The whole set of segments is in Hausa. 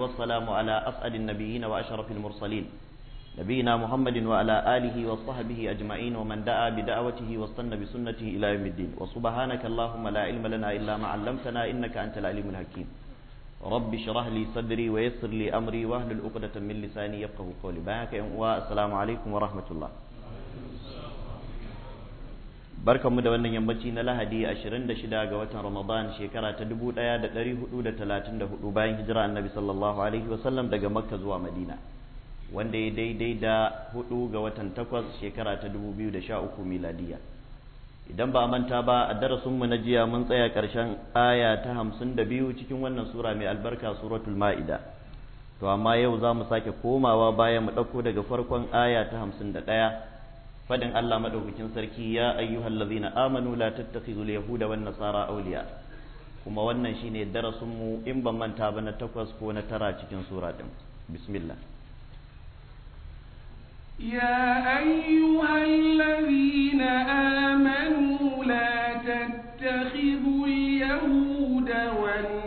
والسلام على أسأل النبيين وأشرف المرسلين نبينا محمد وعلى آله وصحبه أجمعين ومن دعا بدعوته واستنى بسنته إلى يوم الدين وسبحانك اللهم لا علم لنا إلا ما علمتنا إنك أنت العليم الحكيم رب اشرح لي صدري ويسر لي أمري واهل العقدة من لساني يفقه قولي بارك السلام عليكم ورحمة الله barkanmu da wannan yammaci na lahadi 26 ga watan ramadan shekara ta 1434 bayan hijira annabi sallallahu alaihi wasallam daga makka zuwa madina wanda ya daidai da 4 ga watan 8 shekara ta 2013 miladiya idan ba manta ba a darasinmu na jiya mun tsaya karshen aya ta 52 cikin wannan sura mai albarka suratul ma'ida to amma yau za mu sake komawa bayan mu ɗauko daga farkon aya ta 51 fadin Allah madaukakin sarki ya ayyuhallazina amanu la tattakhidul yahuda wan nasara awliya kuma wannan shine darasin mu in ban manta ba na takwas ko na tara cikin sura din bismillah يا أيها الذين آمنوا لا تتخذوا اليهود والنصارى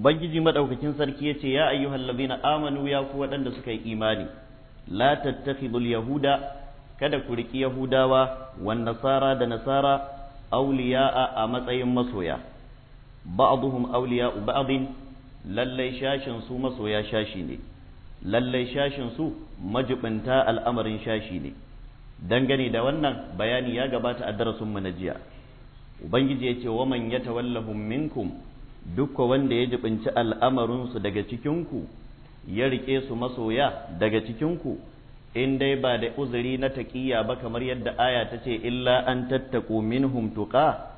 ubangiji madaukakin sarki ya ce ya ayyuhallazina amanu ya ku waɗanda suka yi imani la tattakhidul yahuda kada ku riki yahudawa wan nasara da nasara awliya'a a matsayin masoya ba'dhum awliya'u ba'dhin lallai shashin su masoya shashi ne lallai shashin su majibinta al'amarin shashi ne dangane da wannan bayani ya gabata a darasin mu na jiya ubangiji yace waman yatawallahum minkum dukka wanda ya jibinci al'amarinsu daga cikinku ya rike su masoya daga cikinku in dai ba da uzuri na taƙiyya ba kamar yadda aya ta ce illa an tattaku minhum tuqa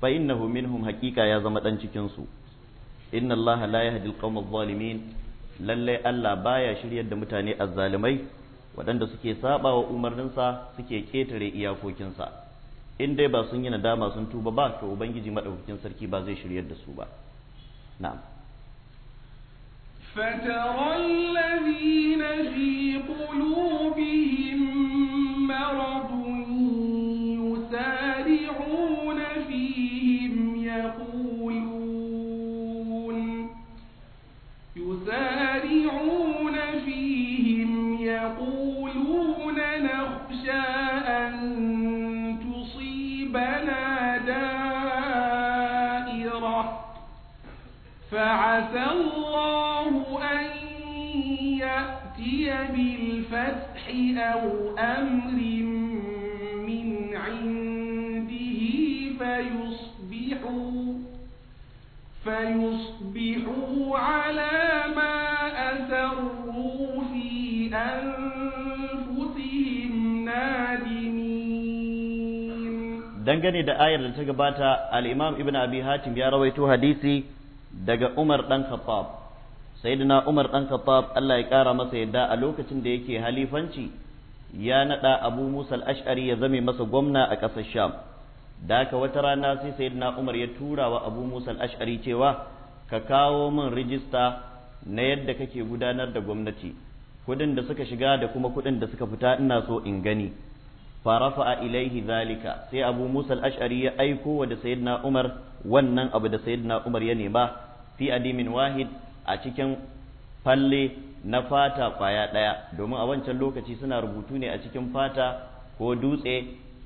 fa innahu minhum haƙiƙa ya zama ɗan cikinsu inna Allah la yahdi al adh Allah baya shiryar da mutane azzalimai waɗanda suke saɓa wa umarninsa suke ƙetare iyakokinsa in dai ba sun yi nadama sun tuba ba to ubangiji madaukakin sarki ba zai shiryar da su ba na'am فترى الذين في قلوبهم مرض dangane da ayar da ta gabata alimam Ibn Abi Hatim ya rawaito hadisi daga Umar dan Khattab sayyidina Umar ɗan Khattab Allah ya kara masa yadda a lokacin da yake halifanci ya naɗa Abu Musa al’ash'ari ashari ya zame masa gwamna a ƙasar Sham da haka wata rana sai sayyidina Umar ya tura wa Abu Musa al’ash'ari ashari cewa ka kawo min rijista na yadda kake gudanar da gwamnati kuɗin da suka shiga da kuma kuɗin da suka fita ina so in gani farafa ilaihi zalika sai abu musa ashari ya aiko wa da sayyidina umar wannan abu da sayyidina umar ya nema fi adimin wahid a cikin falle na fata kwaya daya domin a wancan lokaci suna rubutu ne a cikin fata ko dutse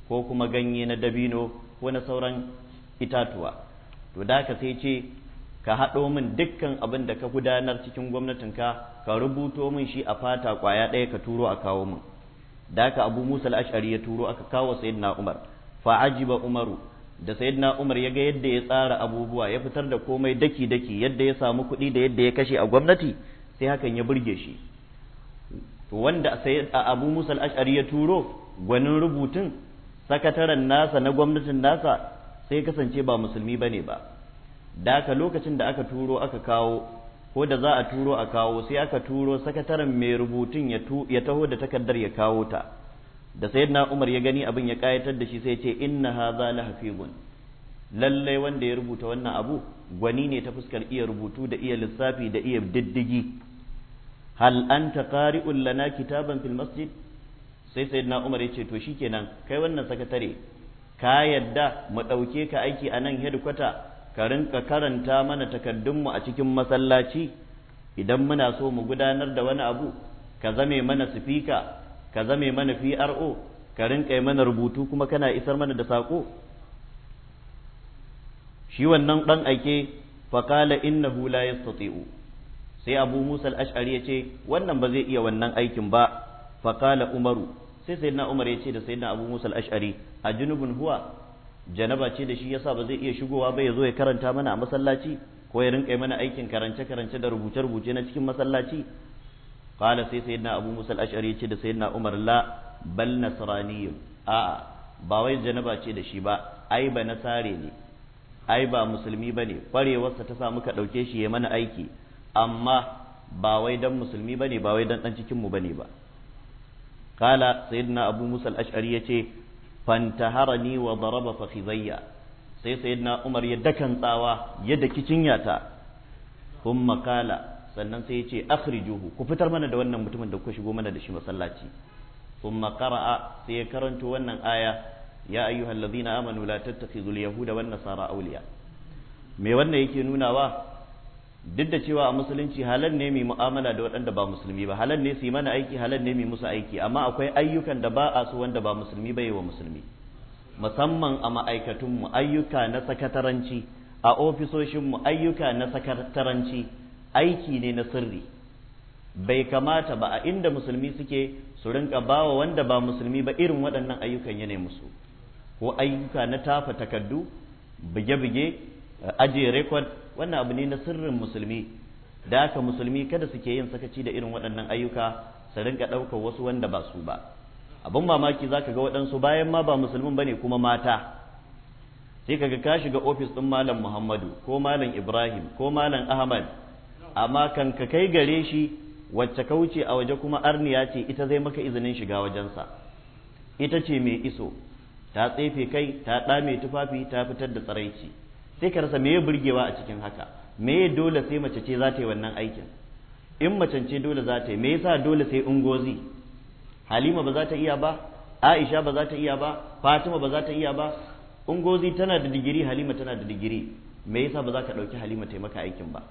ko kuma ganye na dabino ko na sauran itatuwa to da ka sai ce ka haɗo min dukkan abin da ka gudanar cikin gwamnatinka ka rubuto min shi a fata kwaya ɗaya ka turo a kawo min da haka abu musa ashari ya turo aka kawo sayyidina umar fa ajiba umaru da sayyidina umar ya ga yadda ya tsara abubuwa ya fitar da komai daki daki yadda ya samu kuɗi da yadda ya kashe a gwamnati sai hakan ya burge shi wanda sai abu musa ashari ya turo gwanin rubutun sakataren nasa na gwamnatin nasa sai kasance ba musulmi bane ba da haka lokacin da aka turo aka kawo ko da za a turo a kawo sai aka turo sakataren mai rubutun ya taho da takardar ya kawo ta da sayyidina Umar ya gani abin ya kayatar da shi sai ya ce inna hadha lahafizun lalle wanda ya rubuta wannan abu gwani ne ta fuskar iya rubutu da iya lissafi da iya diddigi hal anta qari'un lana kitaban fil masjid sai sayyidina Umar ya ce to shikenan kai wannan sakatare ka yadda mu ɗauke ka aiki a nan hedikwata ka rinka karanta mana takaddunmu a cikin masallaci idan muna so mu gudanar da wani abu ka zame mana sifika ka zame mana PRO ka rinka yi mana rubutu kuma kana isar mana da saƙo shi wannan ɗan aike faƙala innahu la yastati'u sai abu musa al-ash'ari ya ce wannan ba zai iya wannan aikin ba faƙala umaru sai sayyidina umar ya ce da sayyidina abu musa al-ash'ari a huwa janaba ce da shi yasa ba zai iya shigowa ba ya zo ya karanta mana a masallaci ko ya rinka mana aikin karance karance da rubuce rubuce na cikin masallaci qala sai sayyidina abu musa al-ash'ari yace da sayyidina umar la bal nasraniyyun a ba wai janaba ce da shi ba ai ba nasare ne ai ba musulmi bane kwarewarsa ta sa muka dauke shi ya mana aiki amma ba wai dan musulmi bane ba wai dan dan cikin mu bane ba qala sayyidina abu musa al-ash'ari yace fantaharani wa daraba fakhidayya sai sayyidina Umar ya dakan tsawa ya daki cinyata thumma qala sannan sai yace akhrijuhu ku fitar mana da wannan mutumin da kuka shigo mana da shi masallaci thumma qara'a sai ya karanto wannan aya ya ayyuhallazina amanu la tattakhidhul yahuda wan nasara awliya me wannan yake nunawa duk da cewa a musulunci halar ne mai mu'amala da waɗanda ba musulmi ba halar ne su yi mana aiki halar ne mai musu aiki amma akwai ayyukan da ba a su wanda ba musulmi ba yi wa musulmi musamman a ma'aikatunmu ayyuka na sakataranci a ofisoshinmu ayyuka na sakataranci aiki ne na sirri bai kamata ba a inda musulmi suke su rinka bawa wanda ba musulmi ba irin waɗannan ayyukan yana musu ko ayyuka na tafa takardu buge-buge ajiye rekod wannan abu ne na sirrin musulmi da haka musulmi kada suke yin sakaci da irin waɗannan ayyuka su rinka ɗaukar wasu wanda ba su ba abin mamaki za ka ga waɗansu bayan ma ba musulmin ba ne kuma mata sai ka ga ka shiga ofis ɗin malam muhammadu ko malam ibrahim ko malam ahmad amma kan ka kai gare shi wacce ka wuce a waje kuma arniya ce ita zai maka izinin shiga wajensa ita ce mai iso ta tsefe kai ta ɗame tufafi ta fitar da tsaraici sai ka rasa meye burgewa a cikin haka meye dole sai mace ce za ta yi wannan aikin in mace ce dole za ta yi me yasa dole sai ungozi halima ba za ta iya ba aisha ba za ta iya ba fatima ba za ta iya ba ungozi tana da digiri halima tana da digiri me yasa ba za ka ɗauki halima ta maka aikin ba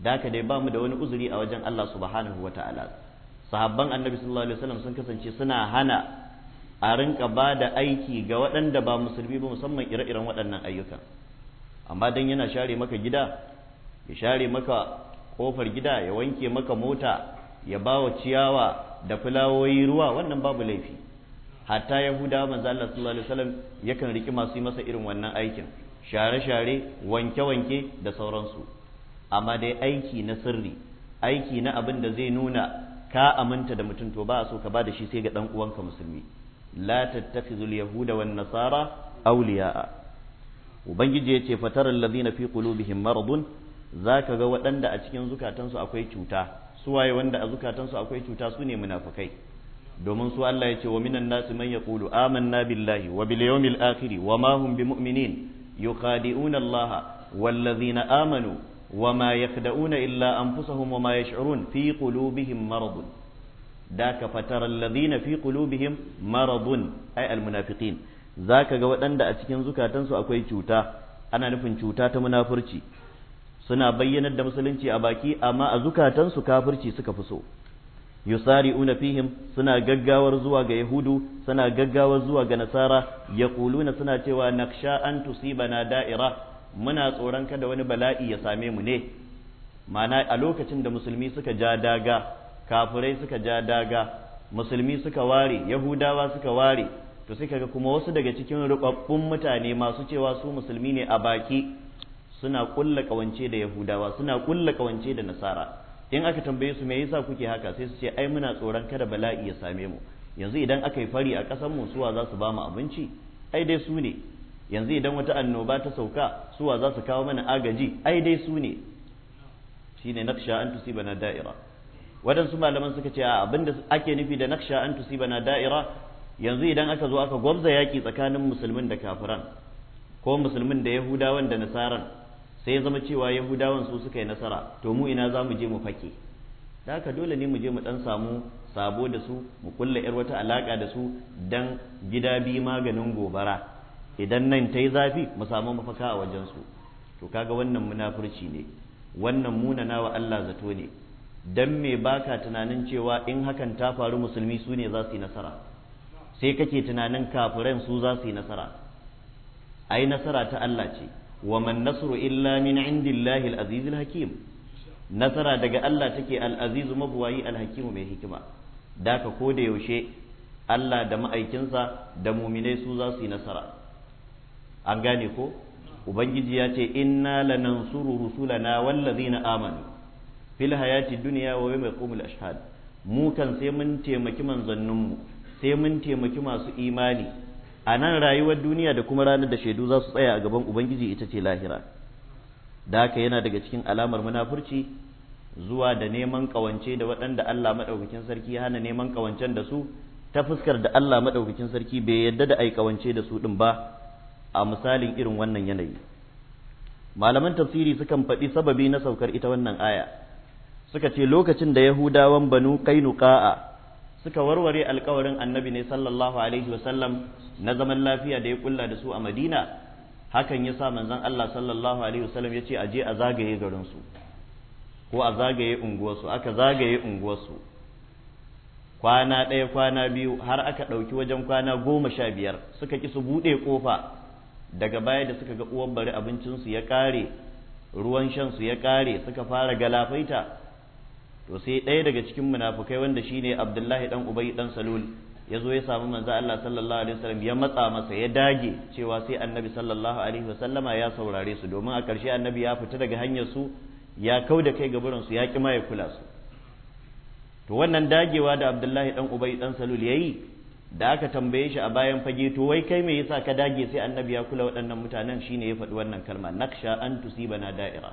da haka dai bamu da wani uzuri a wajen Allah subhanahu wa ta'ala sahabban annabi sallallahu alaihi wasallam sun kasance suna hana a rinka ba da aiki ga waɗanda ba musulmi ba musamman ire-iren waɗannan ayyukan amma don yana share maka gida ya share maka ƙofar gida ya wanke maka mota ya ba wa ciyawa da fulawoyi ruwa wannan babu laifi hatta yahuda manzo Allah sallallahu alaihi wasallam yakan riki masu yi masa irin wannan aikin share-share wanke-wanke da sauransu amma dai aiki na sirri aiki na abin da zai nuna ka aminta da mutum to ba a so ka ba da shi sai ga dan uwanka musulmi la tattakhizul yahuda wan nasara awliya'a ubangiji yace fataral ladina fi qulubihim maradun zaka ga waɗanda a cikin zukatansu akwai cuta suwaye waye wanda a zukatansu akwai cuta su ne munafikai domin su Allah ya ce wa minan nasi man yaqulu amanna billahi wa bil yawmil akhir wa ma hum bimu'minin yuqadi'una Allah والذين آمنوا وما يخدعون إلا أنفسهم وما يشعرون في قلوبهم مرض daka fatara alladhina fi qulubihim maradun ay almunafiqin zaka ga waɗanda a cikin zukatansu akwai cuta ana nufin cuta ta munafurci suna bayyanar da musulunci a baki amma a zukatansu kafirci suka fi so yusari'una fihim suna gaggawar zuwa ga yahudu suna gaggawar zuwa ga nasara yaquluna suna cewa naksha an tusibana da'ira muna tsoron kada wani bala'i ya same mu ne ma'ana a lokacin da musulmi suka ja daga kafirai suka ja daga musulmi suka ware yahudawa suka ware to sai kaga kuma wasu daga cikin rubabbun mutane masu cewa su musulmi ne a baki suna kulla kawance da yahudawa suna kulla kawance da nasara in aka tambaye su me yasa kuke haka sai su ce ai muna tsoron kada bala'i ya same mu yanzu idan aka yi fari a ƙasar mu suwa za su ba abinci ai dai su ne yanzu idan wata annoba ta sauka suwa za su kawo mana agaji ai dai su ne shine naqsha an na da'ira waɗansu malaman suka ce a abin da ake nufi da naksha an na da'ira yanzu idan aka zo aka gwamza yaƙi tsakanin musulmin da kafiran ko musulmin da yahudawan da nasaran sai ya zama cewa yahudawan su suka yi nasara to mu ina za mu je mu fake da haka dole ne mu je mu ɗan samu sabo da su mu kulla yar wata alaƙa da su dan gida bi maganin gobara idan nan ta yi zafi mu samu mafaka a wajensu to kaga wannan munafurci ne wannan munana wa Allah zato ne dan me baka tunanin cewa in hakan ta faru musulmi su ne za su yi nasara sai kake tunanin kafiran su za su yi nasara ai nasara ta Allah ce wa man nasru illa min indillahi al-azizul hakim nasara daga Allah take al-azizu mabuwayi al-hakimu mai hikima daka ko da yaushe Allah da ma'aikinsa da muminai su za su yi nasara an gane ko ubangiji ya ce inna lanansuru rusulana wallazina amanu fil hayati dunya wa yawm yaqumul ashhad mu kan sai mun taimaki manzannin mu sai mun taimaki masu imani a nan rayuwar duniya da kuma ranar da shaidu za su tsaya a gaban ubangiji ita ce lahira da haka yana daga cikin alamar munafurci zuwa da neman kawance da waɗanda Allah maɗaukakin sarki hana neman kawancen da su ta fuskar da Allah maɗaukakin sarki bai yadda da ai kawance da su ɗin ba a misalin irin wannan yanayi malaman tafsiri sukan faɗi sababi na saukar ita wannan aya suka ce lokacin da yahudawan banu kainuka'a suka warware alkawarin annabi ne sallallahu alaihi wasallam na zaman lafiya da ya kulla da su a madina hakan ya sa manzon Allah sallallahu alaihi wasallam ya ce a je a zagaye garinsu ko a zagaye unguwarsu aka zagaye unguwarsu kwana ɗaya kwana biyu har aka ɗauki wajen kwana goma sha biyar suka ki su buɗe ƙofa daga baya da suka ga uwan bari abincinsu ya ƙare ruwan shansu ya ƙare suka fara galafaita to sai ɗaya daga cikin munafukai wanda shi ne Abdullahi dan Ubay dan Salul ya zo ya sami manzo Allah sallallahu alaihi wasallam ya matsa masa ya dage cewa sai annabi sallallahu alaihi wasallama ya saurare su domin a ƙarshe annabi ya fita daga hanyar su ya kau da kai gaburin su ya ki ma ya kula su to wannan dagewa da Abdullahi dan Ubay dan Salul ya yi da aka tambaye shi a bayan fage to wai kai me yasa ka dage sai annabi ya kula waɗannan mutanen shine ya faɗi wannan kalma naksha an tusibana da'ira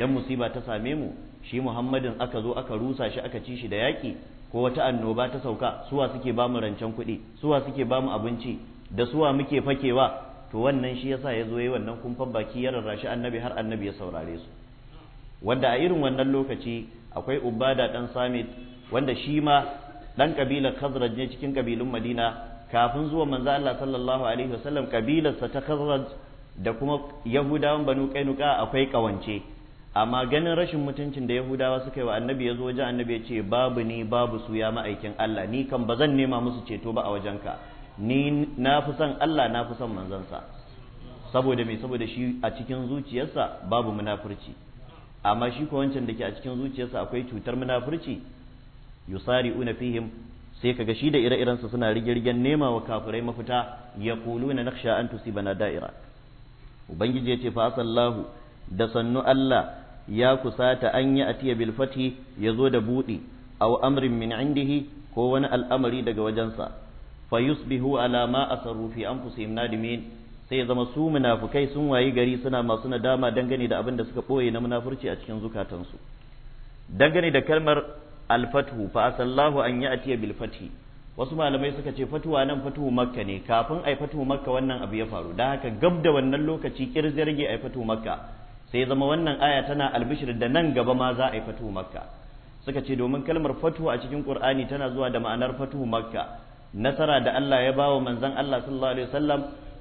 dan musiba ta same mu shi muhammadin aka zo aka rusa shi aka ci shi da yaƙi ko wata annoba ta sauka suwa suke ba mu rancen kuɗi suwa suke ba mu abinci da suwa muke fakewa to wannan shi yasa ya zo yi wannan kumfan baki ya rarrashi annabi har annabi ya saurare su wanda a irin wannan lokaci akwai ubada dan samit wanda shi ma dan kabilar khazraj ne cikin kabilun madina kafin zuwa manzo Allah sallallahu alaihi wasallam kabilarsa ta khazraj da kuma yahudawan banu kainuka akwai kawance amma ganin rashin mutuncin da yahudawa suka yi wa annabi ya zo wajen annabi ya ce babu ni babu su ya ma'aikin Allah ni kan ba zan nema musu ceto ba a wajenka ni na fi son Allah na fi son manzansa saboda me saboda shi a cikin zuciyarsa babu munafurci amma shi ko wancan da ke a cikin zuciyarsa akwai cutar munafurci yusari'una fihim sai kaga shi da ire-irensa suna rigirgen nema wa kafirai mafita ya kuluna nakhsha an tusibana da'ira ubangiji ya ce fa sallahu da sannu Allah ya kusata an yi atiya bil fathi ya zo da buɗi aw amrin min indihi ko wani al'amari daga wajensa fa yusbihu ala ma asarru fi anfusihim nadimin sai zama su munafukai sun wayi gari suna masu nadama dangane da abin da suka ɓoye na munafurci a cikin zukatansu dangane da kalmar alfathu fa asallahu an ya atiya bil fathi wasu malamai suka ce fatuwa nan fatuhu makka ne kafin ai fatuhu makka wannan abu ya faru da haka gab da wannan lokaci kirzirge rage ai fatuhu makka sai zama wannan aya tana albishir da nan gaba ma za a yi fatuhu makka suka ce domin kalmar fatuhu a cikin qur'ani tana zuwa da ma'anar fatuhu makka nasara da Allah ya bawa manzon Allah sallallahu alaihi wasallam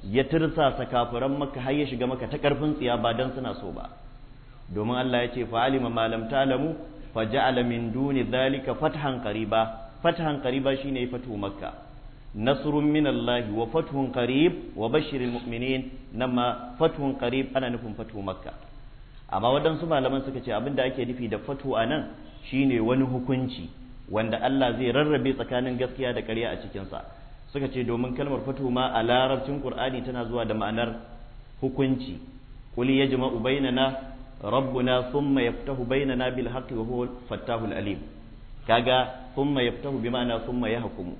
ya tirsasa kafiran makka har ya shiga maka ta karfin tsiya ba dan suna so ba domin Allah ya ce fa alima ma lam ta'lamu fa ja'ala min duni dhalika fathan qariba fathan qariba shine fatuhu makka nasrun min Allah wa fathun qarib wa bashiril mu'minin nama fathun qarib ana nufin fatuhu makka amma waɗansu malaman suka ce abin da ake nufi da fatu a nan shine wani hukunci wanda Allah zai rarrabe tsakanin gaskiya da ƙarya a cikinsa suka ce domin kalmar fatu ma a larabcin ƙur'ani tana zuwa da ma'anar hukunci qul yajma'u bainana rabbuna thumma yaftahu bainana bil haqqi wa huwa fattahul alim kaga thumma yaftahu bi ma'ana thumma yahkumu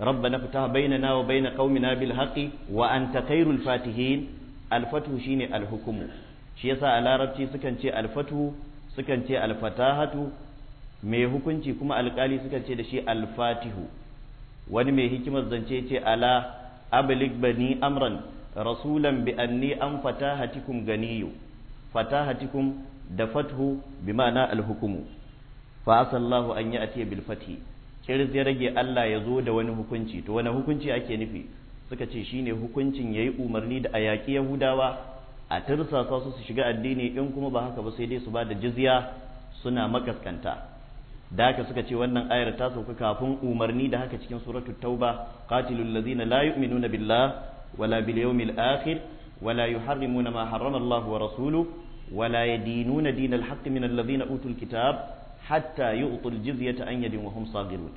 ربنا افتح بيننا وبين قومنا بالحق وأنت خير الفاتحين الفتح شيني الحكم shi yasa a larabci sukan ce alfatu sukan ce alfatahatu mai hukunci kuma alkali sukan ce da shi alfatihu wani mai hikimar zance ce ala ablig bani amran rasulan bi anni an fatahatikum ganiyu fatahatikum da fathu bi ma'ana alhukumu fa asallahu an ya'ti bil fathi kirz ya rage Allah ya zo da wani hukunci to wani hukunci ake nufi suka ce shine hukuncin yayi umarni da a yaƙi Yahudawa a tirsasa su su shiga addini in kuma ba haka ba sai dai su ba da jizya suna makaskanta da haka suka ce wannan ayar ta sauka kafin umarni da haka cikin suratul tauba qatilul ladzina la yu'minuna billah wala bil yawmil akhir wala yuharrimuna ma harrama Allah wa rasuluhu wala yadinuna dinal haqqi min alladhina utul kitab hatta yu'tul jizyata an yadin wa hum saghirun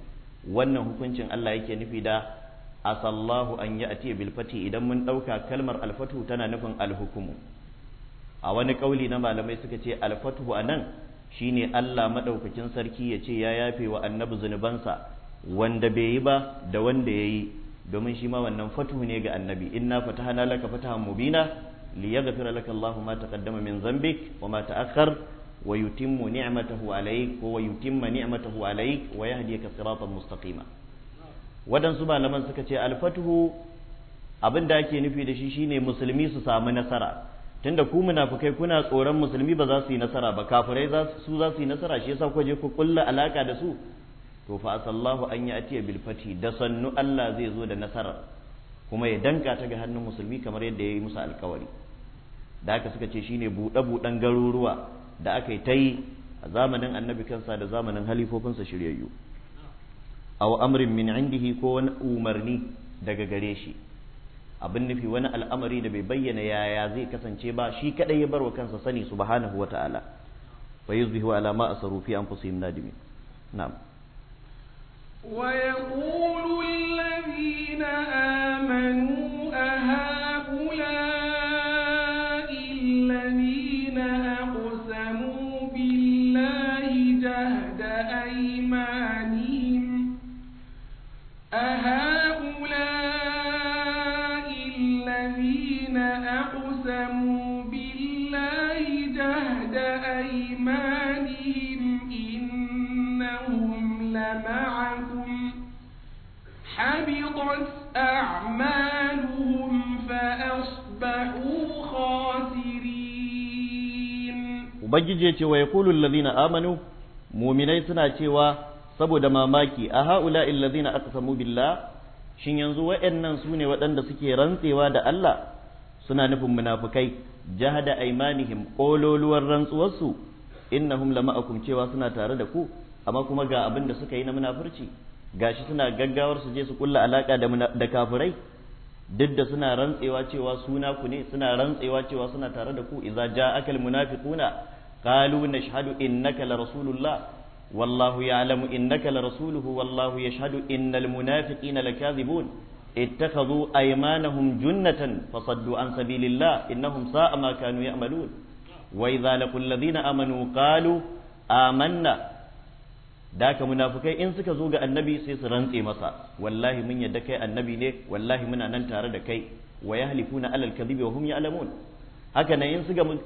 wannan hukuncin Allah yake nufi da asallahu an ya'ti bil fati idan mun ɗauka kalmar al tana nufin alhukumu a wani ƙauli na malamai suka ce al fatu shi shine Allah maɗaukacin sarki ya ce ya yafe wa annabi zunubansa wanda bai yi ba da wanda yayi domin shi ma wannan fatu ne ga annabi inna fatahana laka fatahan mubina liyaghfira laka Allahu ma taqaddama min dhanbik wa ma ta'akhkhar wa yutimmu ni'matahu alayk wa yutimma ni'matahu alayk wa yahdiyaka siratan mustaqima waɗansu malaman suka ce alfatuhu abin da ake nufi da shi shine musulmi su samu nasara tunda ku munafukai kuna tsoron musulmi ba za su yi nasara ba kafirai su za su yi nasara shi yasa je ku kulla alaka da su to fa asallahu an ya'ti bil fati da sannu Allah zai zo da nasara kuma ya danka ta ga hannun musulmi kamar yadda ya yi musu alkawari da aka suka ce shine buɗe buɗen garuruwa da aka yi ta yi a zamanin annabi kansa da zamanin halifofinsa shiryayyu aw amrin min indihi ko wani umarni daga gare shi abin nufi wani al'amari da bai bayyana yaya zai kasance ba shi kadai ya barwa kansa sani subhanahu wa ta'ala wa yuzbihu ala ma asaru fi anfusihim nadimin na'am wa yaqulu alladhina amanu حبطت أعمالهم فأصبحوا ya وبجيجي ويقول Amanu, آمنوا suna cewa saboda mamaki a ha'ula illazina samu billah shin yanzu wayannan su ne waɗanda suke rantsewa da Allah suna nufin munafukai jahada aimanihim ƙololuwar rantsuwarsu innahum lama'akum cewa suna tare da ku amma kuma ga abin da suka yi na munafurci gashi suna gaggawar su je su kulla alaka da kafirai duk da suna rantsewa cewa suna ku ne suna rantsewa cewa suna tare da ku idza ja'aka almunafiquna qalu nashhadu innaka la rasulullah wallahu ya'lamu innaka la rasuluhu wallahu yashhadu innal munafiqina lakazibun اتخذوا أيمانهم جنة فصدوا عن سبيل الله إنهم ساء ما كانوا يعملون وإذا لقوا الذين آمنوا قالوا amanna. da haka munafukai in suka zo ga annabi sai su rantse masa wallahi mun yadda kai annabi ne wallahi muna nan tare da kai wa yahlifuna alal kadhibi wa hum ya'lamun haka nan in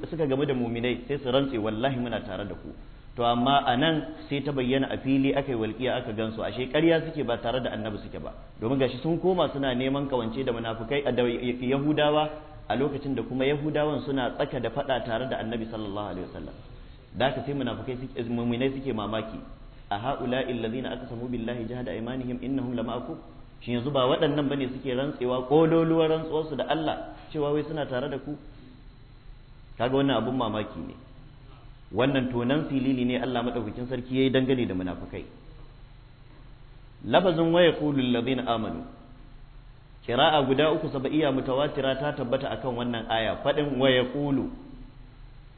suka gamu da muminai sai su rantse wallahi muna tare da ku to amma a nan sai ta bayyana a fili aka yi walƙiya aka gansu ashe ƙarya suke ba tare da annabi suke ba domin gashi sun koma suna neman kawance da munafukai a yahudawa a lokacin da kuma yahudawan suna tsaka da faɗa tare da annabi sallallahu alaihi wasallam da haka sai munafukai muminai suke mamaki a haula aka aqsamu billahi jahada imanihim innahum lama'akum shin yanzu ba waɗannan bane suke rantsewa ko doluwar rantsuwar su da Allah cewa wai suna tare da ku kaga wannan abun mamaki ne wannan tonan silili ne Allah madaukakin sarki yayi dangane da munafikai lafazin waya yaqulu allazina amanu kira'a guda uku saba'iya mutawatira ta tabbata akan wannan aya fadin waya yaqulu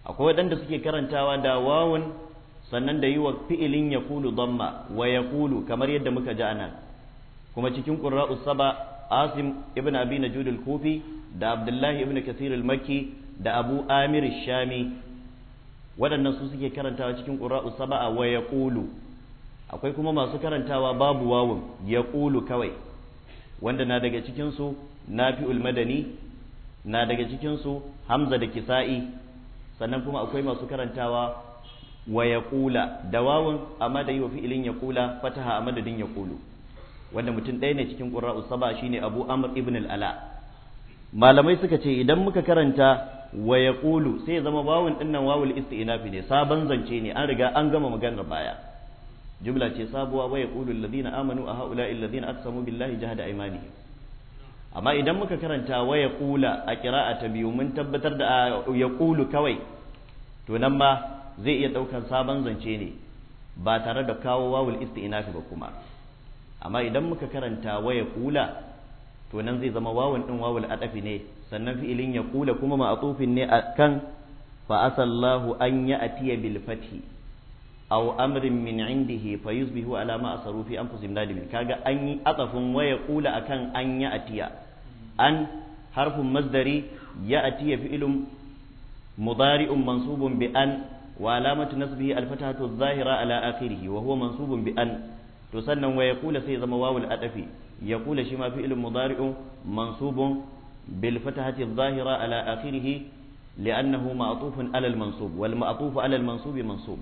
akwai waɗanda suke karantawa da wawun sannan da yi wa fi'ilin ya kulu damma wa ya kulu kamar yadda muka ji anan kuma cikin ƙura'u saba asim ibn abi na judul kufi da abdullahi ibn kasir al-makki da abu amir shami waɗannan su suke karantawa cikin ƙura'u saba wa ya kulu akwai kuma masu karantawa babu wawun ya kulu kawai wanda na daga cikinsu nafi'ul madani na daga cikinsu hamza da kisa'i sannan kuma akwai masu karantawa wa yaqula da wawun amma da wa fi'ilin yaqula fataha a madadin yaqulu wanda mutum ɗaya ne cikin qurra'u usaba shine Abu Amr ibn al-Ala malamai suka ce idan muka karanta wa yaqulu sai zama wawun dinnan wawul isti'nafi ne sabon zance ne an riga an gama maganar baya jumla ce sabuwa wa yaqulu alladhina amanu a haula alladhina aqsamu billahi jahada imani amma idan muka karanta wa ya kula a kira'a ta biyu mun tabbatar da ya kawai to nan ma zai iya ɗaukar sabon zance ne ba tare da kawo wawul isti'nafi ba kuma amma idan muka karanta waya kula to nan zai zama wawun din wawul adafi ne sannan fi'ilin ya kula kuma ma'atufin ne akan fa asallahu an ya'tiya bil fathi aw amrin min indihi fa yusbihu ala ma asaru fi anfusihim nadimin kaga an yi atafin waya kula akan an atiya an harfun masdari ya'tiya fi'ilun mudari'un mansubun bi an wa alamatu nasbihi alfatahatu adh-dhahira ala akhirih wa huwa mansubun bi to sannan wa yaqulu sai zama wawul adafi yaqulu shi ma fi'lun mudari'un mansubun bil fatahati adh ala akhirih li'annahu ma'tufun ala al-mansub wal ma'tufu ala al-mansub mansub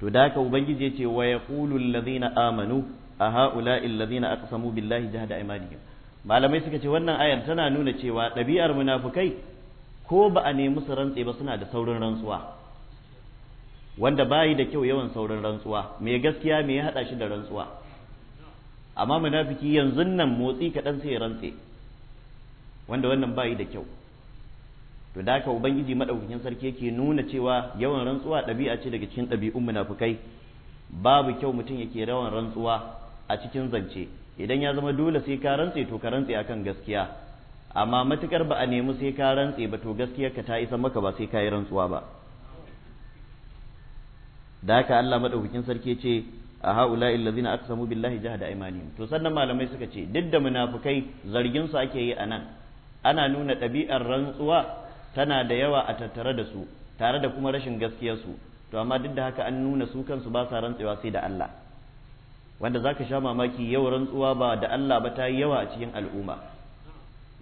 to da haka ubangiji yace wa yaqulu alladhina amanu a ha'ula'i alladhina aqsamu billahi jahada aymanihim malamai suka ce wannan ayar tana nuna cewa ɗabi'ar munafukai ko ba a nemi su rantse ba suna da saurin rantsuwa wanda bayi da kyau yawan saurin rantsuwa me gaskiya me ya hada shi da rantsuwa amma munafiki yanzu nan motsi kaɗan sai ya rantse wanda wannan bayi da kyau to da haka ubangiji madaukakin sarki yake nuna cewa yawan rantsuwa ɗabi'a ce daga cikin ɗabi'un munafukai babu kyau mutum yake rawan rantsuwa a cikin zance idan ya zama dole sai ka rantse to ka rantse akan gaskiya amma matukar ba a nemi sai ka rantse ba to gaskiyar ka ta isa maka ba sai ka yi rantsuwa ba da haka Allah madaukakin sarki ce a haula illazina aqsamu billahi jahada imani to sannan malamai suka ce duk da munafukai zargin su ake yi anan ana nuna ɗabi'ar rantsuwa tana da yawa a tattare da su tare da kuma rashin gaskiyar su to amma duk da haka an nuna su kansu ba sa rantsewa sai da Allah wanda zaka sha mamaki yau rantsuwa ba da Allah ba ta yi yawa a cikin al'umma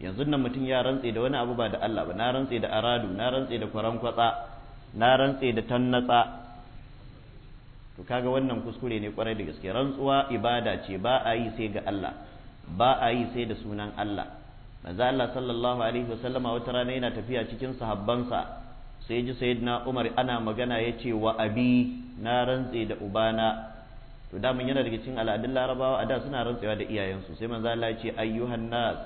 yanzu nan mutum ya rantse da wani abu ba da Allah ba na rantse da aradu na rantse da kwaran kwatsa na rantse da tannatsa to kaga wannan kuskure ne kwarai da gaske rantsuwa ibada ce ba a yi sai ga Allah ba a yi sai da sunan Allah manzo Allah sallallahu alaihi wasallama wata rana yana tafiya cikin sahabbansa sai ji sayyidina Umar ana magana yace wa abi na rantse da ubana to da mun yana daga cikin al'adun Larabawa a da suna rantsewa da iyayensu sai manzo Allah yace ayyuhan nas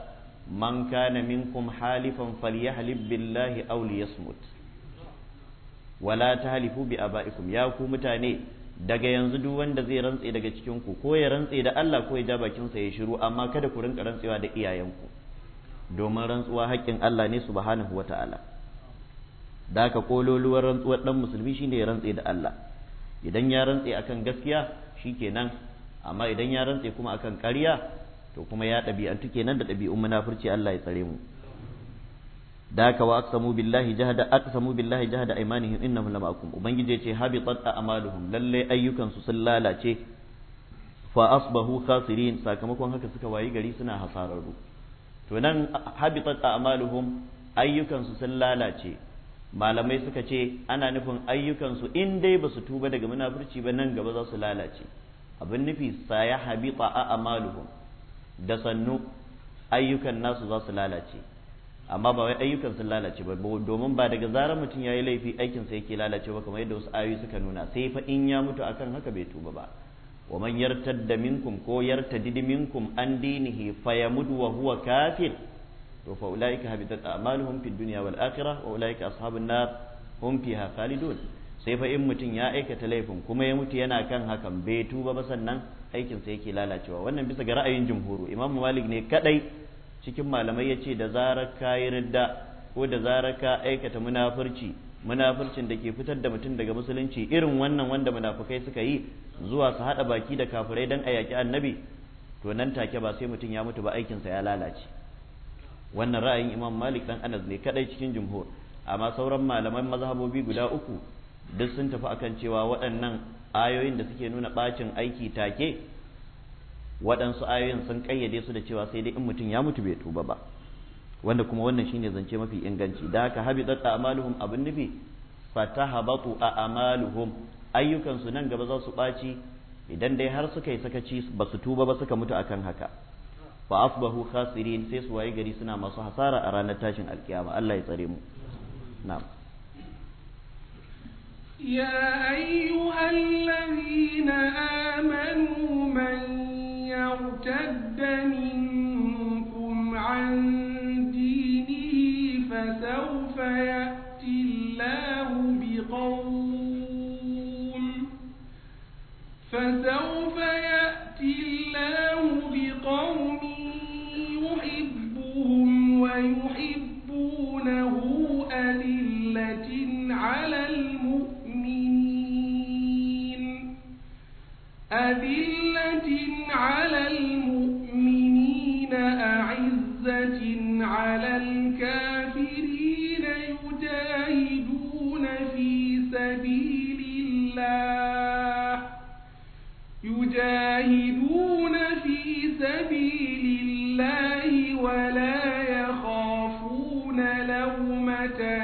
man kana minkum halifan falyahlib billahi aw liyasmut wala tahlifu bi abaikum ya ku mutane daga yanzu duk wanda zai rantse daga cikin ku ko ya rantse da Allah ko ya ja bakin sa ya shiru amma kada ku rinka rantsewa da iyayenku domin rantsuwa haƙƙin Allah ne subhanahu wata'ala da ka kololuwar rantsuwar dan musulmi shine ya rantse da Allah idan ya rantse akan gaskiya shikenan amma idan ya rantse kuma akan ƙarya to kuma ya ɗabi'antu kenan da ɗabi'un munafurci Allah ya tsare mu da haka wa aqsamu billahi jahada aqsamu billahi jahada aymanihim innahum lamakum ubangiji ce habitat a'maluhum lalle ayyukan su sun lalace fa asbahu khasirin sakamakon haka suka wayi gari suna hasararru to nan habitat a'maluhum ayyukan su sun lalace malamai suka ce ana nufin ayyukan su in dai ba su tuba daga munafurci ba nan gaba za su lalace abin nufi saya habita a'maluhum da sannu ayyukan nasu za su lalace amma ba wai ayyukan sun lalace ba domin ba daga zarar mutum ya yi laifi aikin sa yake lalace ba kamar yadda wasu ayoyi suka nuna sai fa in ya mutu akan haka bai tuba ba wa man yartadda minkum ko yartadid minkum an dinihi fayamud wa huwa kafir to fa ulaika habitat a'maluhum fid dunya wal akhirah wa ulaika ashabun nar hum fiha khalidun sai fa in mutum ya aikata laifin kuma ya mutu yana kan hakan bai tuba ba sannan aikin sa yake lalacewa wannan bisa ga ra'ayin jumhuru imam malik ne kadai cikin malamai ya ce da zarar ka yi ridda ko da zarar ka aikata munafurci munafurcin da ke fitar da mutum daga musulunci irin wannan wanda munafukai suka yi zuwa su haɗa baki da kafirai don a yaƙi annabi to nan take ba sai mutum ya mutu ba aikinsa ya lalace wannan ra'ayin imam malik dan anas ne kadai cikin jumhur amma sauran malaman mazhabobi guda uku duk sun tafi akan cewa waɗannan ayoyin da suke nuna bacin aiki take waɗansu ayoyin sun ƙayyade su da cewa sai dai in mutum ya mutu bai tuba ba wanda kuma wannan shine zance mafi inganci da haka habitat a'maluhum abin nufi fatahabatu a'maluhum ayyukan su nan gaba za su ɓaci idan dai har suka yi sakaci ba su tuba ba suka mutu akan haka fa asbahu khasirin sai su waye gari suna masu hasara a ranar tashin alkiyama Allah ya tsare mu na'am يا أيها الذين آمنوا من ارتد منكم عن دينه فسوف يأتي الله بقوم فسوف يأتي الله بقوم يحبهم ويحبونه أذلة على المؤمنين أذلة على المؤمنين أعزة على الكافرين يجاهدون في سبيل الله يجاهدون في سبيل الله ولا يخافون لومة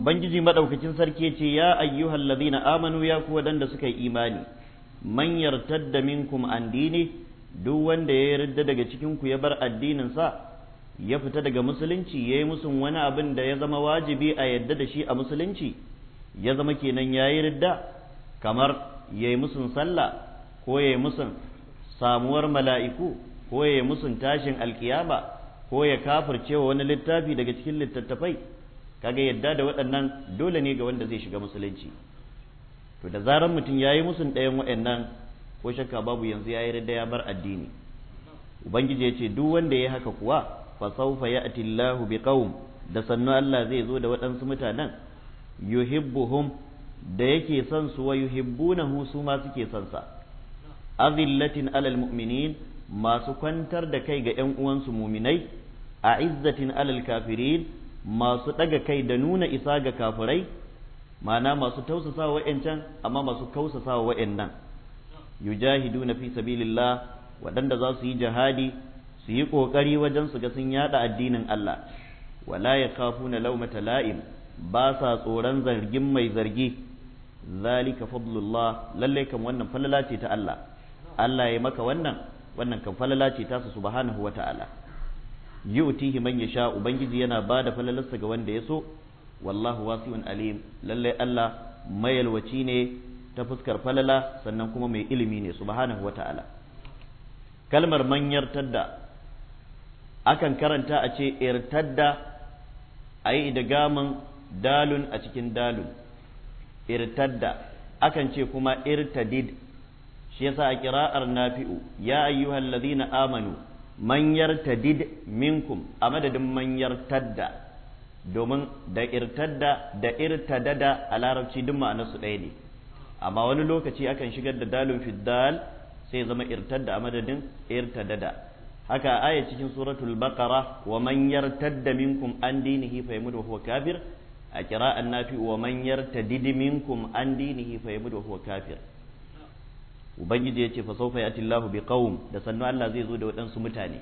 Ubangiji, وبنجي sarki ce, ya ايها الذين Amanu يا كو ودان suka yi imani man yartadda minkum an duk wanda ya yarda daga cikin ku ya bar addinin sa ya fita daga musulunci yayi musun wani abin da ya zama wajibi a yarda da shi a musulunci ya zama kenan yayi ridda kamar yayi musun sallah ko yayi musun samuwar mala'iku ko yayi musun tashin alkiyama ko ya kafirce wa wani littafi daga cikin littattafai kaga yadda da waɗannan dole ne ga wanda zai shiga musulunci to da zarar mutum ya yi musun ɗayan waɗannan ko shakka babu yanzu ya yi da ya bar addini ubangiji ya ce duk wanda ya haka kuwa fa sawfa ya'ti Allahu qaum da sannu Allah zai zo da waɗansu mutanen yuhibbuhum da yake son su wa yuhibbunahu su ma suke son sa azillatin alal mu'minin masu kwantar da kai ga ƴan uwansu muminai izzatin alal kafirin masu ɗaga kai da nuna isa ga kafirai ma'ana masu tausasa wa wa'ancan amma masu kausasa wa wa'annan na fi sabilillah waɗanda za su yi jihadi su yi ƙoƙari wajen su ga sun yada addinin Allah wala na laumata la'im ba sa tsoron zargin mai zargi zalika fadlullah lallai kan wannan falala ce ta Allah Allah ya maka wannan wannan kan falala ce ta su subhanahu ta'ala. yu'tihi man yasha ubangiji yana bada falalarsa ga wanda ya so wallahu wasi'un alim lallai Allah mayalwaci ne ta fuskar falala sannan kuma mai ilimi ne subhanahu wata'ala kalmar manyar tadda akan karanta a ce irtadda a yi idgamin dalun a cikin dalun irtadda akan ce kuma irtadid shi yasa a kira'ar nafi'u ya ayyuhal amanu man yartadid minkum a madadin man yartadda domin da irtadda da irtadada a larabci duk su ɗaya ne amma wani lokaci akan shigar da dalun fiddal sai zama irtadda a madadin irtadada haka aya cikin suratul baqara wa man yartadda minkum an dinihi fa yamut wa huwa kafir a qira'an nafi wa man yartadid minkum an dinihi fa yamut wa huwa kafir ubangiji yace fa sawfa yati Allahu bi qaum da sannu Allah zai zo da waɗansu mutane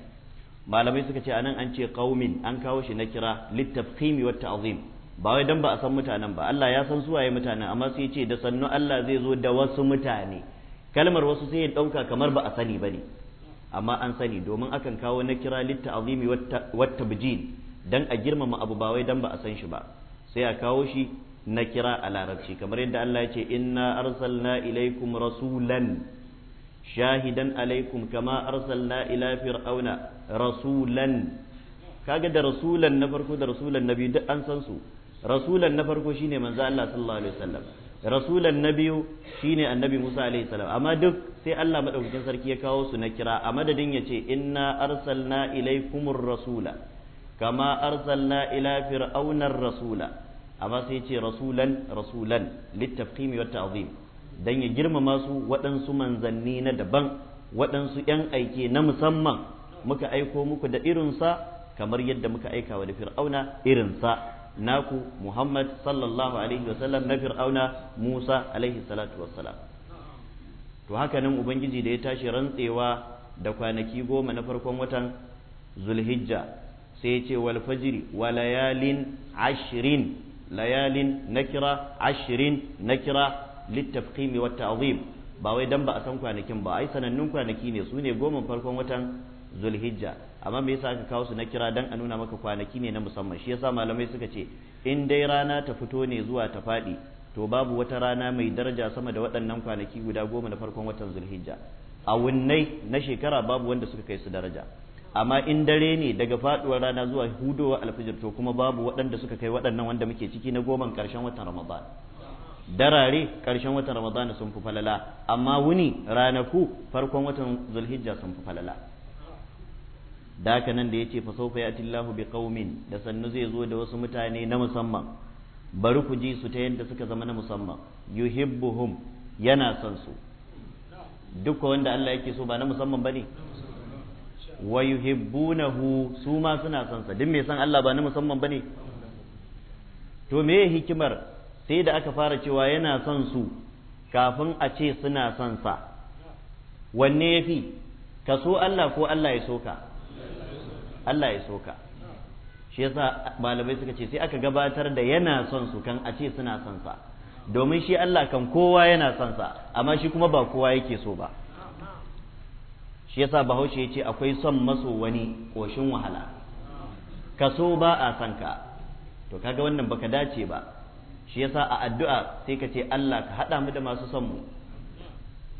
malamai suka ce anan an ce qaumin an kawo shi na kira littafqimi wat ta'zim ba wai dan ba a san mutanen ba Allah ya san suwaye mutanen amma sai ce da sannu Allah zai zo da wasu mutane kalmar wasu sai ya dauka kamar ba a sani bane amma an sani domin akan kawo na kira litta wata dan a girmama abu ba wai dan ba a san shi ba sai a kawo shi na kira a larabci kamar yadda Allah ce inna arsalna ilaikum rasulan shahidan alaikum kama arsalna ila fir'auna rasulan kaga da rasulan na farko da rasulan na biyu duk an san su rasulan na farko shine manzo Allah sallallahu alaihi wasallam rasulan na biyu shine annabi Musa alaihi salam amma duk sai Allah madaukakin sarki ya kawo su na kira a madadin ya ce inna arsalna ilaikumur rasula kama arsalna ila fir'aunar rasula amma sai ce rasulan rasulan littafkimi wa ta'zim dan ya girmama su waɗansu manzanni na daban waɗansu ƴan aike na musamman muka aiko muku da irinsa kamar yadda muka aika wa da fir'auna irinsa naku muhammad sallallahu alaihi wa sallam na fir'auna musa alaihi salatu wassalam to haka nan ubangiji da ya tashi rantsewa da kwanaki goma na farkon watan zulhijja sai ya ce wal fajri wa layalin layalin nakira ashirin nakira littafqimi wata ta'zim ba wai dan ba a san kwanakin ba ai sanannun kwanaki ne su ne goma farkon watan zulhijja amma me yasa aka kawo su na kira dan a nuna maka kwanaki ne na musamman shi sa malamai suka ce in dai rana ta fito ne zuwa ta faɗi to babu wata rana mai daraja sama da waɗannan kwanaki guda goma na farkon watan zulhijja a wunnai na shekara babu wanda suka kai su daraja amma in dare ne daga faduwar rana zuwa hudowa alfijir to kuma babu waɗanda suka kai waɗannan wanda muke ciki na goman ƙarshen watan ramadan darare ƙarshen watan ramadan sun fi falala amma wuni ranaku farkon watan zulhijja sun fi falala daka nan da ya ce fa sawfa yati Allahu bi qaumin da sannu zai zo da wasu mutane na musamman bari ku ji su ta yadda suka zama na musamman yuhibbuhum yana son su duk wanda Allah yake so ba na musamman bane wa yuhibbunahu su ma suna son sa duk mai san Allah ba na musamman bane to me hikimar sai da aka fara cewa yana son su kafin a ce suna son sa wanne yafi ka so Allah ko Allah ya soka Allah ya soka shi yasa malamai suka ce sai aka gabatar da yana son su kan a ce suna son sa domin shi Allah kan kowa yana son sa amma shi kuma ba kowa yake so ba shi yasa bahaushe ya ce akwai son maso wani koshin wahala kaso ba a son ka to kaga wannan baka dace ba shi yasa a addu'a sai ka ce Allah ka haɗa mu da masu son mu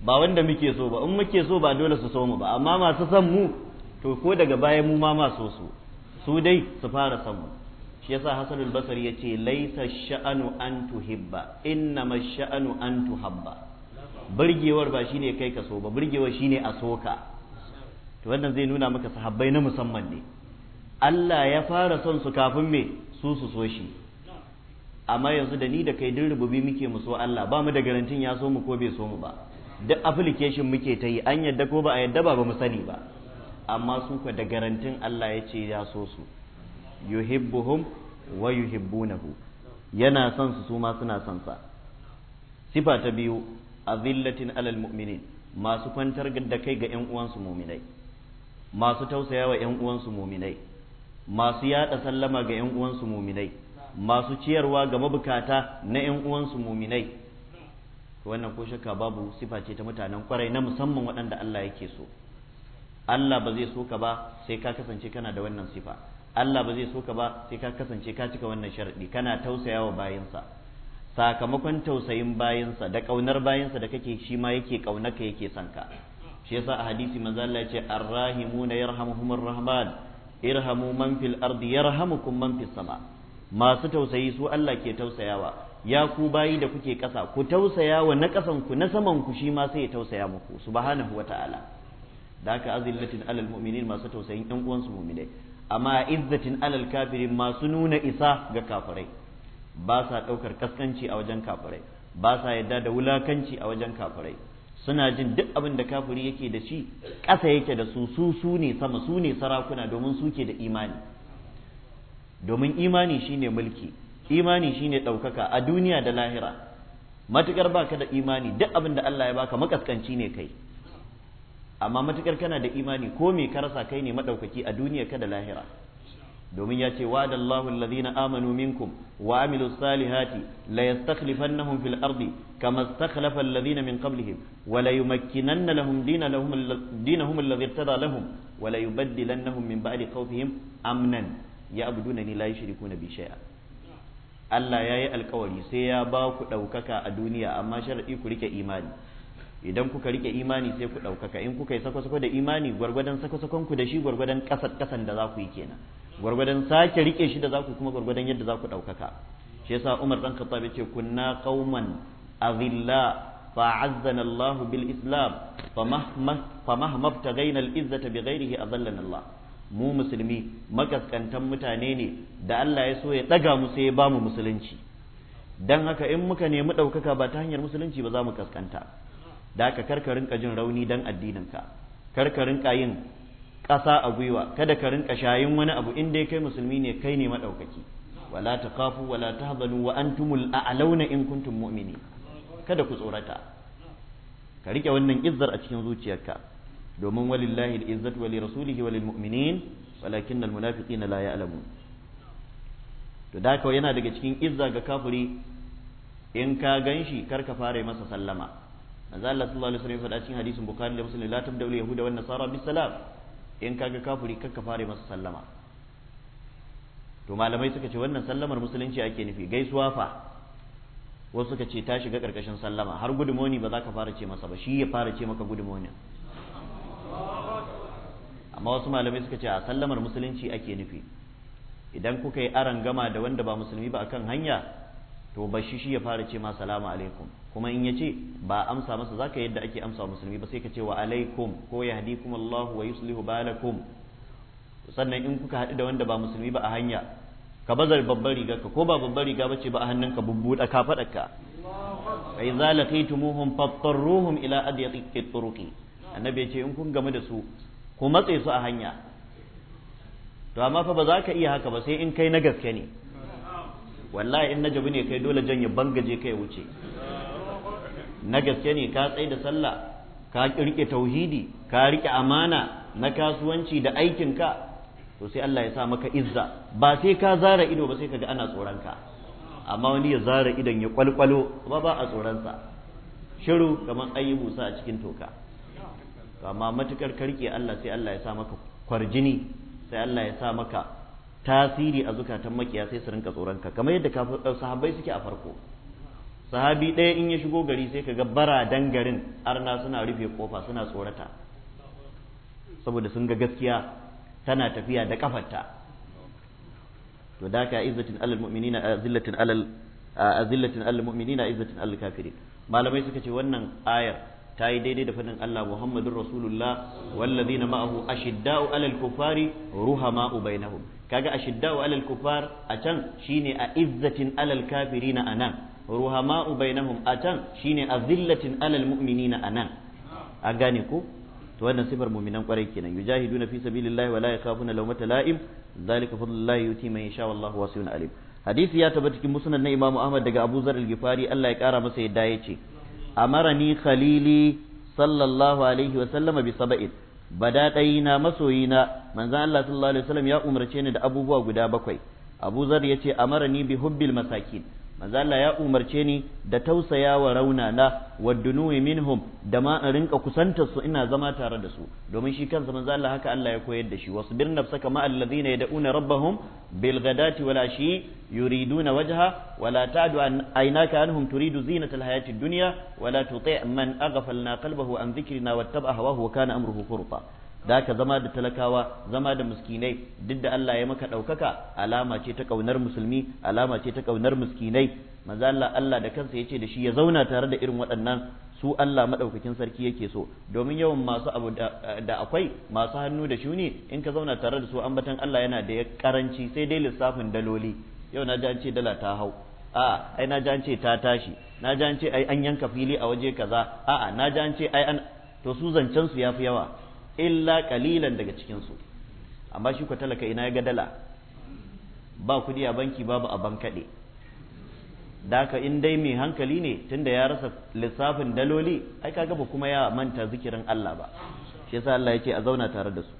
ba wanda muke so ba in muke so ba dole su so mu ba amma masu son mu to ko daga baya mu ma masu su su dai su fara son mu shi yasa Hasan al-Basri yace laisa sha'anu an tuhibba innama sha'anu an tuhabba burgewar ba shine kai ka so ba burgewar shine a soka to wannan zai nuna maka sahabbai na musamman ne Allah ya fara son su kafin me su su so shi amma yanzu da ni da kai dun rububi muke mu so Allah ba mu da garantin ya so mu ko bai so mu ba duk application muke ta yi an yadda ko ba a yadda ba ba mu sani ba amma su ka da garantin Allah ya ce ya so su yuhibbuhum wa yuhibbunahu yana son su su ma suna son sa sifa ta biyu azillatin alal mu'minin masu kwantar da kai ga 'yan uwansu muminai masu tausaya wa ‘yan uwansu muminai masu yada sallama ga ‘yan uwansu muminai masu ciyarwa ga mabukata na ‘yan uwansu muminai wannan ko shakka babu sifa ce ta mutanen kwarai na musamman waɗanda Allah yake so Allah ba zai so ka ba sai ka kasance kana da wannan sifa Allah ba zai so ka ba sai ka kasance ka cika wannan sharaɗi kana tausaya wa bayansa, sakamakon tausayin bayansa, da ƙaunar bayansa da kake shi ma yake ƙaunaka yake son ka shi yasa a hadisi manzo Allah yace arrahimuna yarhamuhumur rahman irhamu man fil ardi yarhamukum man fis sama masu tausayi su Allah ke tausayawa ya ku bayi da kuke ƙasa ku tausayawa na ƙasan ku na saman ku shi ma sai ya tausaya muku subhanahu wataala da haka azillatin alal mu'minin masu tausayin ɗan uwansu mu'minai amma izzatin alal kafirin masu nuna isa ga kafirai ba sa ɗaukar kaskanci a wajen kafirai ba sa yadda da wulakanci a wajen kafirai suna jin duk abin da kafiri yake da shi ƙasa yake da su su su ne sama su ne sarakuna domin su ke da imani domin imani shine mulki imani shine ɗaukaka a duniya da lahira matukar baka da imani duk abin da Allah ya baka makaskanci ne kai amma matukar kana da imani ko me ka rasa kai ne maɗaukaki a duniya ka da lahira domin ya ce wa dallahu amanu minkum wa amilu salihati la yastakhlifannahum fil ardi kama istakhlafa alladhina min qablihim wa la yumakkinanna lahum dinahum dinahum alladhi irtada lahum wa la yubaddilannahum min ba'di khawfihim amnan ya'budunani la yushrikuna bi shay'a Allah ya yi alkawari sai ya ba ku ɗaukaka a duniya amma sharaɗi ku rike imani idan kuka rike imani sai ku ɗaukaka in kuka yi sako-sako da imani gwargwadon sako sakonku ku da shi gwargwadon ƙasan da za ku yi kenan gwargwadon sake rike shi da za ku kuma gwargwadon yadda za ku ɗaukaka shi yasa Umar dan Khattab yace kunna qauman azilla fa'azzana Allah bil Islam famahma ibtagaina al izzata bighairihi azallana Allah mu musulmi makaskantan mutane ne da Allah ya so ya daga mu sai ya bamu musulunci dan haka in muka nemi ɗaukaka ba ta hanyar musulunci ba za mu kaskanta da ka karka rinka jin rauni dan addininka karka rinka yin ƙasa a gwiwa kada ka rinka shayin wani abu in dai kai musulmi ne kai ne maɗaukaki wala kafu wala tahzanu wa a a'launa in kuntum mu'minin kada ku tsorata ka rike wannan izzar a cikin zuciyarka domin walillahi al-izzatu wa li rasulihi wa lil mu'minin walakin al munafiqina la to da yana daga cikin izza ga kafiri in ka ganshi kar ka fara masa sallama manzo Allah sallallahu alaihi wasallam ya faɗa cikin hadisin bukhari da muslim la tabda'u yahuda wan nasara bis salam in kaga kafiri kaka fare masa sallama to malamai suka ce wannan sallamar musulunci ake nufi gaisuwa fa wasu suka ce ta shiga karkashin sallama har gudumoni ba za ka fara ce masa ba shi ya fara ce maka gudumoni amma wasu malamai suka ce a sallamar musulunci ake nufi idan kuka yi aron gama da wanda ba musulmi ba akan hanya to ba shi ya fara ce ma salamu alaikum kuma in ya ce ba amsa masa zaka yadda ake amsa musulmi ba sai ka ce wa alaikum ko ya hadikum Allah wa yuslihu balakum sannan in kuka haɗu da wanda ba musulmi ba a hanya ka bazar babbar riga ka ko ba babbar riga ba ce ba a ka bubbuɗa ka faɗarka fa idza laqitumuhum fattaruhum ila adyaqi turuqi annabi ya ce in kun gamu da su ku matse su a hanya to amma fa ba za ka iya haka ba sai in kai na gaske ne wallahi in na jabi ne kai dole janye ya bangaje kai wuce na gaske ne ka tsaye da sallah ka rike tauhidi ka rike amana na kasuwanci da aikinka to sai Allah ya sa maka izza ba sai ka zara ido ba sai ga ana tsoron ka amma wani ya zara idon ya kwalkwalo ba ba a sa, shiru kamar ayi musa a cikin toka amma matukar karke Allah sai Allah ya sa maka kwarjini sai Allah ya sa maka tasiri a zukatan makiya sai su rinka tsoron ka kamar yadda sahabbai suke a farko sahabi ɗaya in ya shigo gari sai ka ga baradan garin arna suna rufe kofa suna tsorata saboda sun ga gaskiya tana tafiya da kafarta to da ka izzatin alal mu'minina zillatin alal azillatin alal mu'minina izzatin alal kafirin malamai suka ce wannan ayar ta yi daidai da fadin Allah Muhammadun Rasulullah wallazina ma'ahu ashidda'u alal kufari ruhama'u bainahum kaga ashiddaw alal kufar a can shine a izzatin alal kafirina nan ruhama'u bainahum a can shine a zillatin alal mu'minina anan a gane ku to wannan sifar mu'minan kwarai kenan yujahiduna fi sabilillahi wa la yakhafuna lawmata la'im zalika fadlullahi yuti man yasha wallahu wasi'un alim hadisi ya tabbata cikin musnad na imamu ahmad daga abu zar al-gifari Allah ya kara masa yadda yace amarani khalili sallallahu alaihi wa sallama bi sab'in bada ɗayina masoyina manzan Allah sallallahu alaihi wasallam ya umarce ni da abubuwa guda bakwai Abu Zar ya ce ni bi hubbil masakin manzo Allah ya umarce ni da tausaya wa raunana wa dunuwi minhum da ma in rinka kusantar su ina zama tare da su domin shi kansa manzo Allah haka Allah ya koyar da shi wasbir nafsaka ma alladhina yad'una rabbahum bil ghadati wal ashi yuriduna wajha wala ta'du an aynaka anhum turidu zinata al hayati dunya wala tuti' man aghfalna qalbahu an dhikrina wattaba hawahu wa kana amruhu furta da ka zama da talakawa zama da muskinai duk da Allah ya maka ɗaukaka alama ce ta ƙaunar musulmi alama ce ta ƙaunar muskinai manzo Allah Allah da kansa yace da shi ya zauna tare da irin waɗannan su Allah madaukakin sarki yake so domin yawan masu abu da akwai masu hannu da shuni in ka zauna tare da su ambatan Allah yana da karanci sai dai lissafin daloli yau na ji an ce dala ta hau a ai na ji an ce ta tashi na ji an ce ai an yanka fili a waje kaza a'a na ji an ce ai an to su zancen su yafi yawa illa kalilan daga cikinsu amma shi ku talaka ina ya ga dala ba kudi a banki babu a bankaɗe daka in dai mai hankali ne tunda ya rasa lissafin daloli ai kaga ba kuma ya manta zikirin Allah ba shi yasa Allah yake a zauna tare da su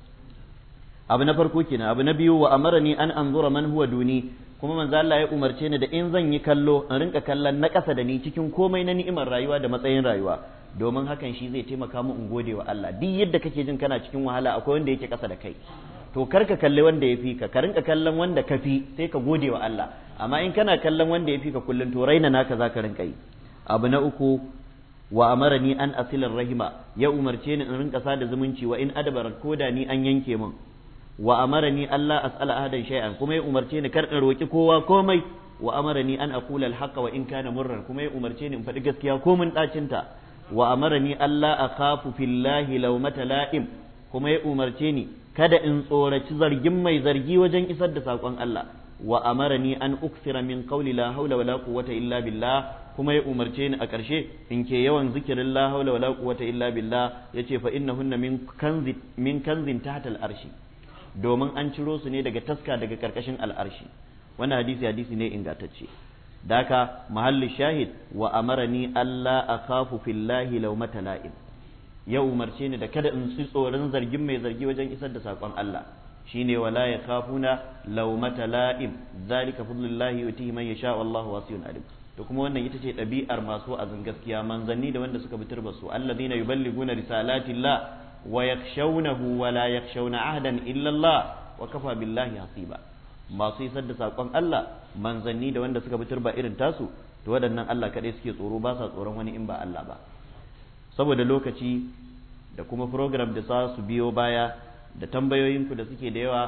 abu na farko kenan abu na biyu wa amarani an anzura man huwa duni kuma manzo Allah ya umarce ni da in zan yi kallo in rinka kallon na ƙasa da ni cikin komai na ni'imar rayuwa da matsayin rayuwa domin hakan shi zai taimaka mu in gode wa Allah duk yadda kake jin kana cikin wahala akwai wanda yake kasa da kai to kar ka kalli wanda ya fi ka ka rinka kallon wanda ka fi sai ka gode wa Allah amma in kana kallon wanda ya fi ka kullum to raina naka za ka rinka yi abu na uku wa amarani an asilar rahima ya umarce ni in rinka sada zumunci wa in adabar koda ni an yanke min wa amarani Allah as'ala ahadan shay'an kuma ya umarce ni kar in roki kowa komai wa amarani an aqula al-haqqa wa in kana murran kuma ya umarce ni in faɗi gaskiya ko mun ɗacinta wa amarani Allah kafu fillahi laumata la'im kuma ya umarce ni kada in tsoraci zargin mai zargi wajen isar da sakon Allah wa amarani an uksira min qawli la haula wala quwwata illa billah kuma ya umarce ni a ƙarshe in ke yawan zikirin la haula wala quwwata illa billah yace fa innahunna min kanzi min kanzin tahtal arshi domin an ciro su ne daga taska daga karkashin al'arshi, wannan hadisi hadisi ne ingantacce daka mahalli shahid wa amarani alla akhafu fillahi lawmata la'im ya umarce ni da kada in ci tsoron zargin mai zargi wajen isar da sakon Allah shine wala yakhafuna laumata la'im zalika fadlullahi yutihi man yasha wallahu wasiyun alim to kuma wannan ita ce ɗabi'ar masu azin gaskiya manzanni da wanda suka bi ba su allazina yuballiguna risalatillah wa yakhshawnahu wa la yakshauna ahadan illallah Allah wa kafa billahi hasiba masu isar da saƙon Allah manzanni da wanda suka fitar ba irin tasu to waɗannan Allah kaɗai suke tsoro ba sa tsoron wani in ba Allah ba saboda lokaci da kuma program da za su biyo baya da tambayoyinku da suke da yawa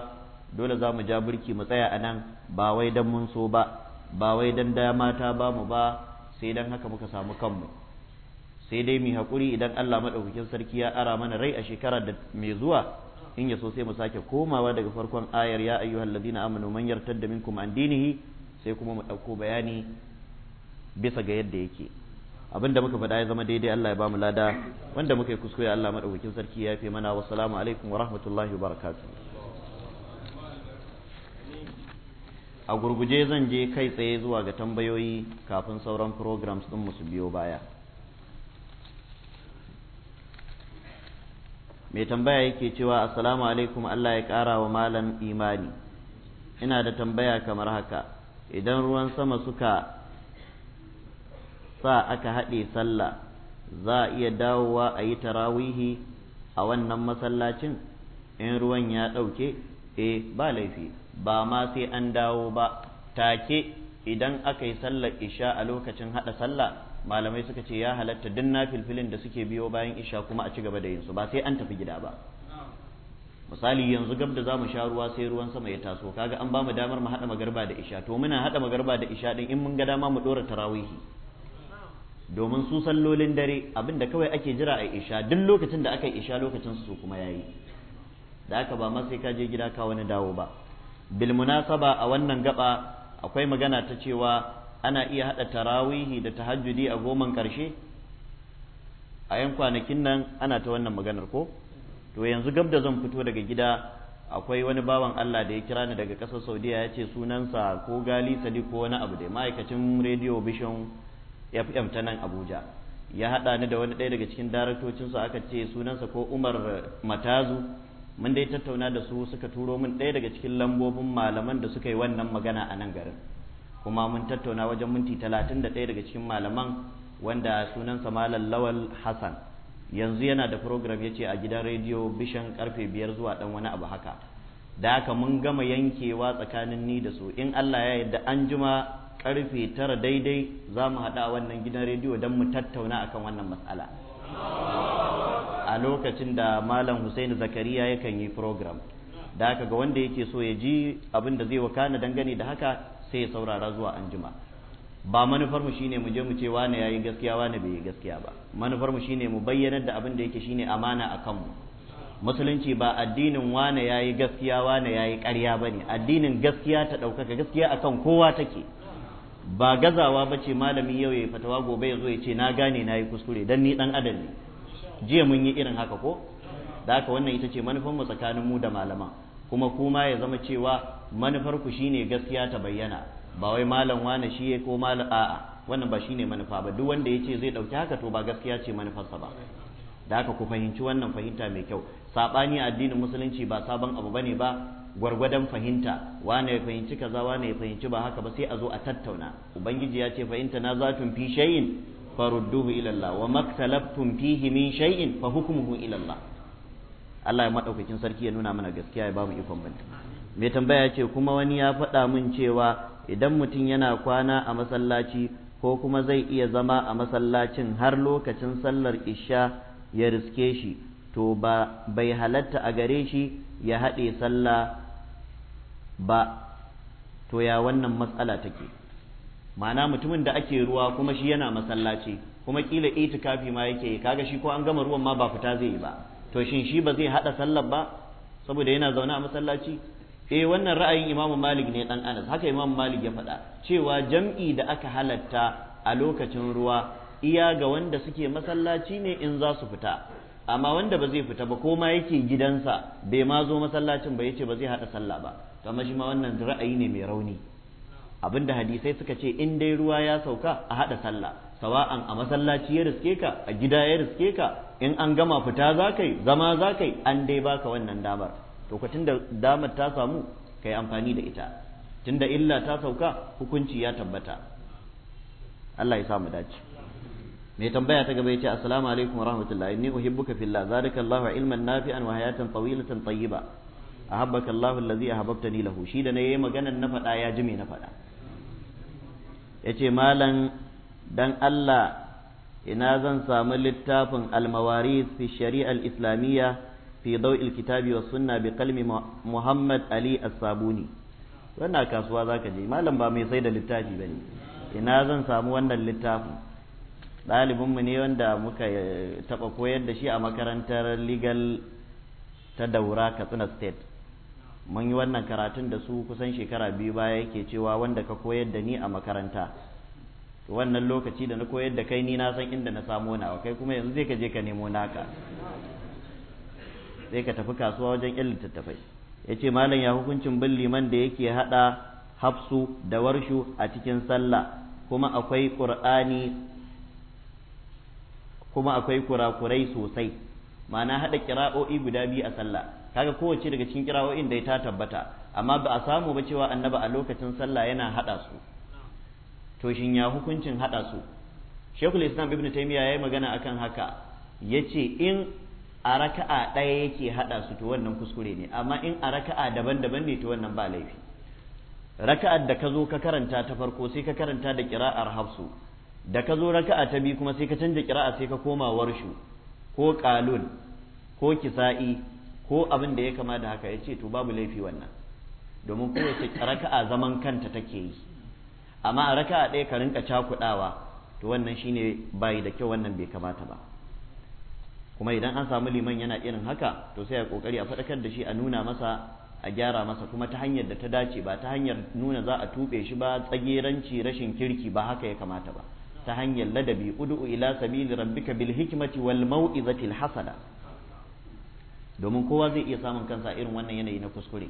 dole za mu ja burki mu tsaya anan ba wai don mun so ba ba wai don dama mata ba mu ba sai don haka muka samu kanmu sai dai mu haƙuri idan Allah maɗaukakin sarki ya ara mana rai a shekara da mai zuwa in yaso sai mu sake komawa daga farkon ayar ya ayyuhal ladina amanu man yartadda minkum an dinihi sai kuma mu dauko bayani bisa ga yadda yake abinda muka faɗa ya zama daidai Allah ya bamu lada wanda muka yi kuskure Allah madaukakin sarki ya fi mana wa salamu alaikum wa rahmatullahi wa barakatuh a gurguje zan je kai tsaye zuwa ga tambayoyi kafin sauran programs din mu su biyo baya mai tambaya yake cewa assalamu alaikum Allah ya ƙara wa malam imani ina da tambaya kamar haka idan ruwan sama suka sa aka haɗe sallah za a iya dawowa a yi tarawihi a wannan masallacin in ruwan ya ɗauke 'Eh ba laifi ba ma sai an dawo ba take idan aka yi sallar isha a lokacin haɗa sallah malamai suka ce ya halatta duk filfilin da suke biyo bayan isha kuma a ci gaba da yin su ba sai an tafi gida ba misali yanzu gab da zamu sha ruwa sai ruwan sama ya taso kaga an bamu damar mu hada magarba da isha to muna hada magarba da isha din in mun ga dama mu dora tarawihi domin su sallolin dare abinda kawai ake jira a isha duk lokacin da aka yi isha lokacin su kuma yayi da aka ba ma sai ka je gida ka wani dawo ba bil munasaba a wannan gaba akwai magana ta cewa ana iya haɗa tarawihi da tahajjudi a goman ƙarshe a 'yan kwanakin nan ana ta wannan maganar ko to yanzu gabda zan fito daga gida akwai wani bawan Allah da ya kira ni daga ƙasar Saudiya ya ce sunansa ko gali sadi ko wani abu da ma'aikacin radio vision fm ta nan Abuja ya haɗa ni da wani ɗaya daga cikin daraktocinsu aka ce sunansa ko Umar Matazu mun dai tattauna da su suka turo min ɗaya daga cikin lambobin malaman da suka yi wannan magana a nan garin kuma mun tattauna wajen minti talatin da ɗaya daga cikin malaman wanda sunansa malam lawal hassan yanzu yana da program ya ce a gidan rediyo bishan karfe biyar zuwa ɗan wani abu haka da haka mun gama yankewa tsakanin ni da su in allah ya yarda an juma karfe tara daidai za mu haɗa wannan gidan rediyo don mu tattauna akan wannan matsala a lokacin da malam Hussein zakariya yakan yi program da haka ga wanda yake so ya ji abin da zai wakana dangane da haka sai ya saurara zuwa anjima ba manufarmu mu shine mu je mu ce wane yayi gaskiya wane bai yi gaskiya ba manufar shine mu bayyanar da abin da yake shine amana a kanmu musulunci ba addinin wane yayi gaskiya wane yayi ƙarya bane addinin gaskiya ta ɗaukaka gaskiya akan kowa take ba gazawa ba ce malami yau ya fatawa gobe ya zo ya ce na gane na yi kuskure dan ni dan adam ne jiya mun yi irin haka ko da haka wannan ita ce manufarmu mu tsakanin mu da malaman kuma kuma ya zama cewa manufar ku shine gaskiya ta bayyana ba wai malam wane shi ya ko malam a'a wannan ba shine manufa ba duk wanda ya ce zai ɗauki haka to ba gaskiya ce manufarsa ba da haka ku fahimci wannan fahimta mai kyau sabani addinin musulunci ba sabon abu bane ba gwargwadon fahimta wane ya fahimci kaza wane ya fahimci ba haka ba sai a zo a tattauna ubangiji ya ce fahimta na zatun fi shay'in farudduhu ila Allah wa tun fihi min shay'in fa hukmuhu ila Allah ya madaukakin sarki ya nuna mana gaskiya ya bamu ikon banta mai tambaya ce kuma wani ya faɗa min cewa idan mutum yana kwana a masallaci ko kuma zai iya zama a masallacin har lokacin sallar isha ya riske shi to ba bai halatta a gare shi ya haɗe sallah ba to ya wannan matsala take ma'ana mutumin da ake ruwa kuma shi yana masallaci kuma kila itikafi ma yake kaga shi ko an gama ruwan ma ba fita zai yi ba to shin shi ba zai haɗa sallar ba saboda yana zaune a masallaci eh wannan ra'ayin imamu malik ne dan anas haka imamu malik ya faɗa cewa jam'i da aka halatta a lokacin ruwa iya ga wanda suke masallaci ne in za su fita amma wanda ba zai fita ba ko ma yake gidansa bai ma zo masallacin ba yace ba zai haɗa sallah ba to amma shi ma wannan ra'ayi ne mai rauni abinda hadisai suka ce in dai ruwa ya sauka a haɗa sallah sawa'an a masallaci ya riske ka a gida ya riske ka in an gama fita za kai zama za an dai baka wannan damar lokacin da damar ta samu ka yi amfani da ita tunda illa ta sauka hukunci ya tabbata Allah ya samu dace mai tambaya ta gaba yace assalamu alaikum wa rahmatullahi inni uhibbuka fillah zalika Allahu ilman nafi'an wa hayatan tawilatan tayyiba ahabbaka Allahu allazi ahabbtani lahu shi da nayi maganan na faɗa ya ji me na faɗa yace malam dan Allah ina zan samu littafin al-mawaris fi shari'a al-islamiyya fi daw'il kitabi wa sunna bi kalmi Muhammad Ali As-Sabuni wannan kasuwa zaka je malam ba mai saida da littafi bane ina zan samu wannan littafin mu ne wanda muka eh, taɓa koyar da shi a makarantar legal ta daura katsina state mun yi wannan karatun da su kusan shekara biyu baya yake cewa wanda ka koyar da ni a makaranta wannan lokaci da na koyar da kai ni na san inda na samo nawa kai kuma yanzu zai ka je ka nemo naka sai ka tafi kasuwa wajen yan littattafai ya ce malam ya hukuncin bin liman da yake haɗa hafsu da warshu a cikin sallah kuma akwai ƙur'ani kuma akwai kurakurai sosai ma'ana haɗa kira'o'i guda biyu a sallah kaga kowace daga cikin kira'o'in da ta tabbata amma ba a samu ba cewa annaba a lokacin sallah yana haɗa su to shin ya hukuncin haɗa su shekul islam ibn taymiya ya yi magana akan haka ya ce in a raka'a ɗaya yake haɗa su to wannan kuskure ne amma in a raka'a daban-daban ne to wannan ba laifi raka'ar da ka zo ka karanta ta farko sai ka karanta da kira'ar hafsu da ka zo raka'a ta biyu kuma sai ka canja kira'a sai ka koma warshu ko qalun ko kisa'i ko abin da ya kama da haka yace to babu laifi wannan domin kowace raka'a zaman kanta take yi amma a raka'a ɗaya ka rinka cakuɗawa to wannan shine bai da kyau wannan bai kamata ba kuma idan an samu liman yana irin haka to sai a kokari a faɗakar da shi a nuna masa a gyara masa kuma ta hanyar da ta dace ba ta hanyar nuna za a tuɓe shi ba tsageranci rashin kirki ba haka ya kamata ba ta hanyar ladabi ud'u ila sabili rabbika bil hikmati wal mau'izati al hasana domin kowa zai iya samun kansa irin wannan yanayi na kuskure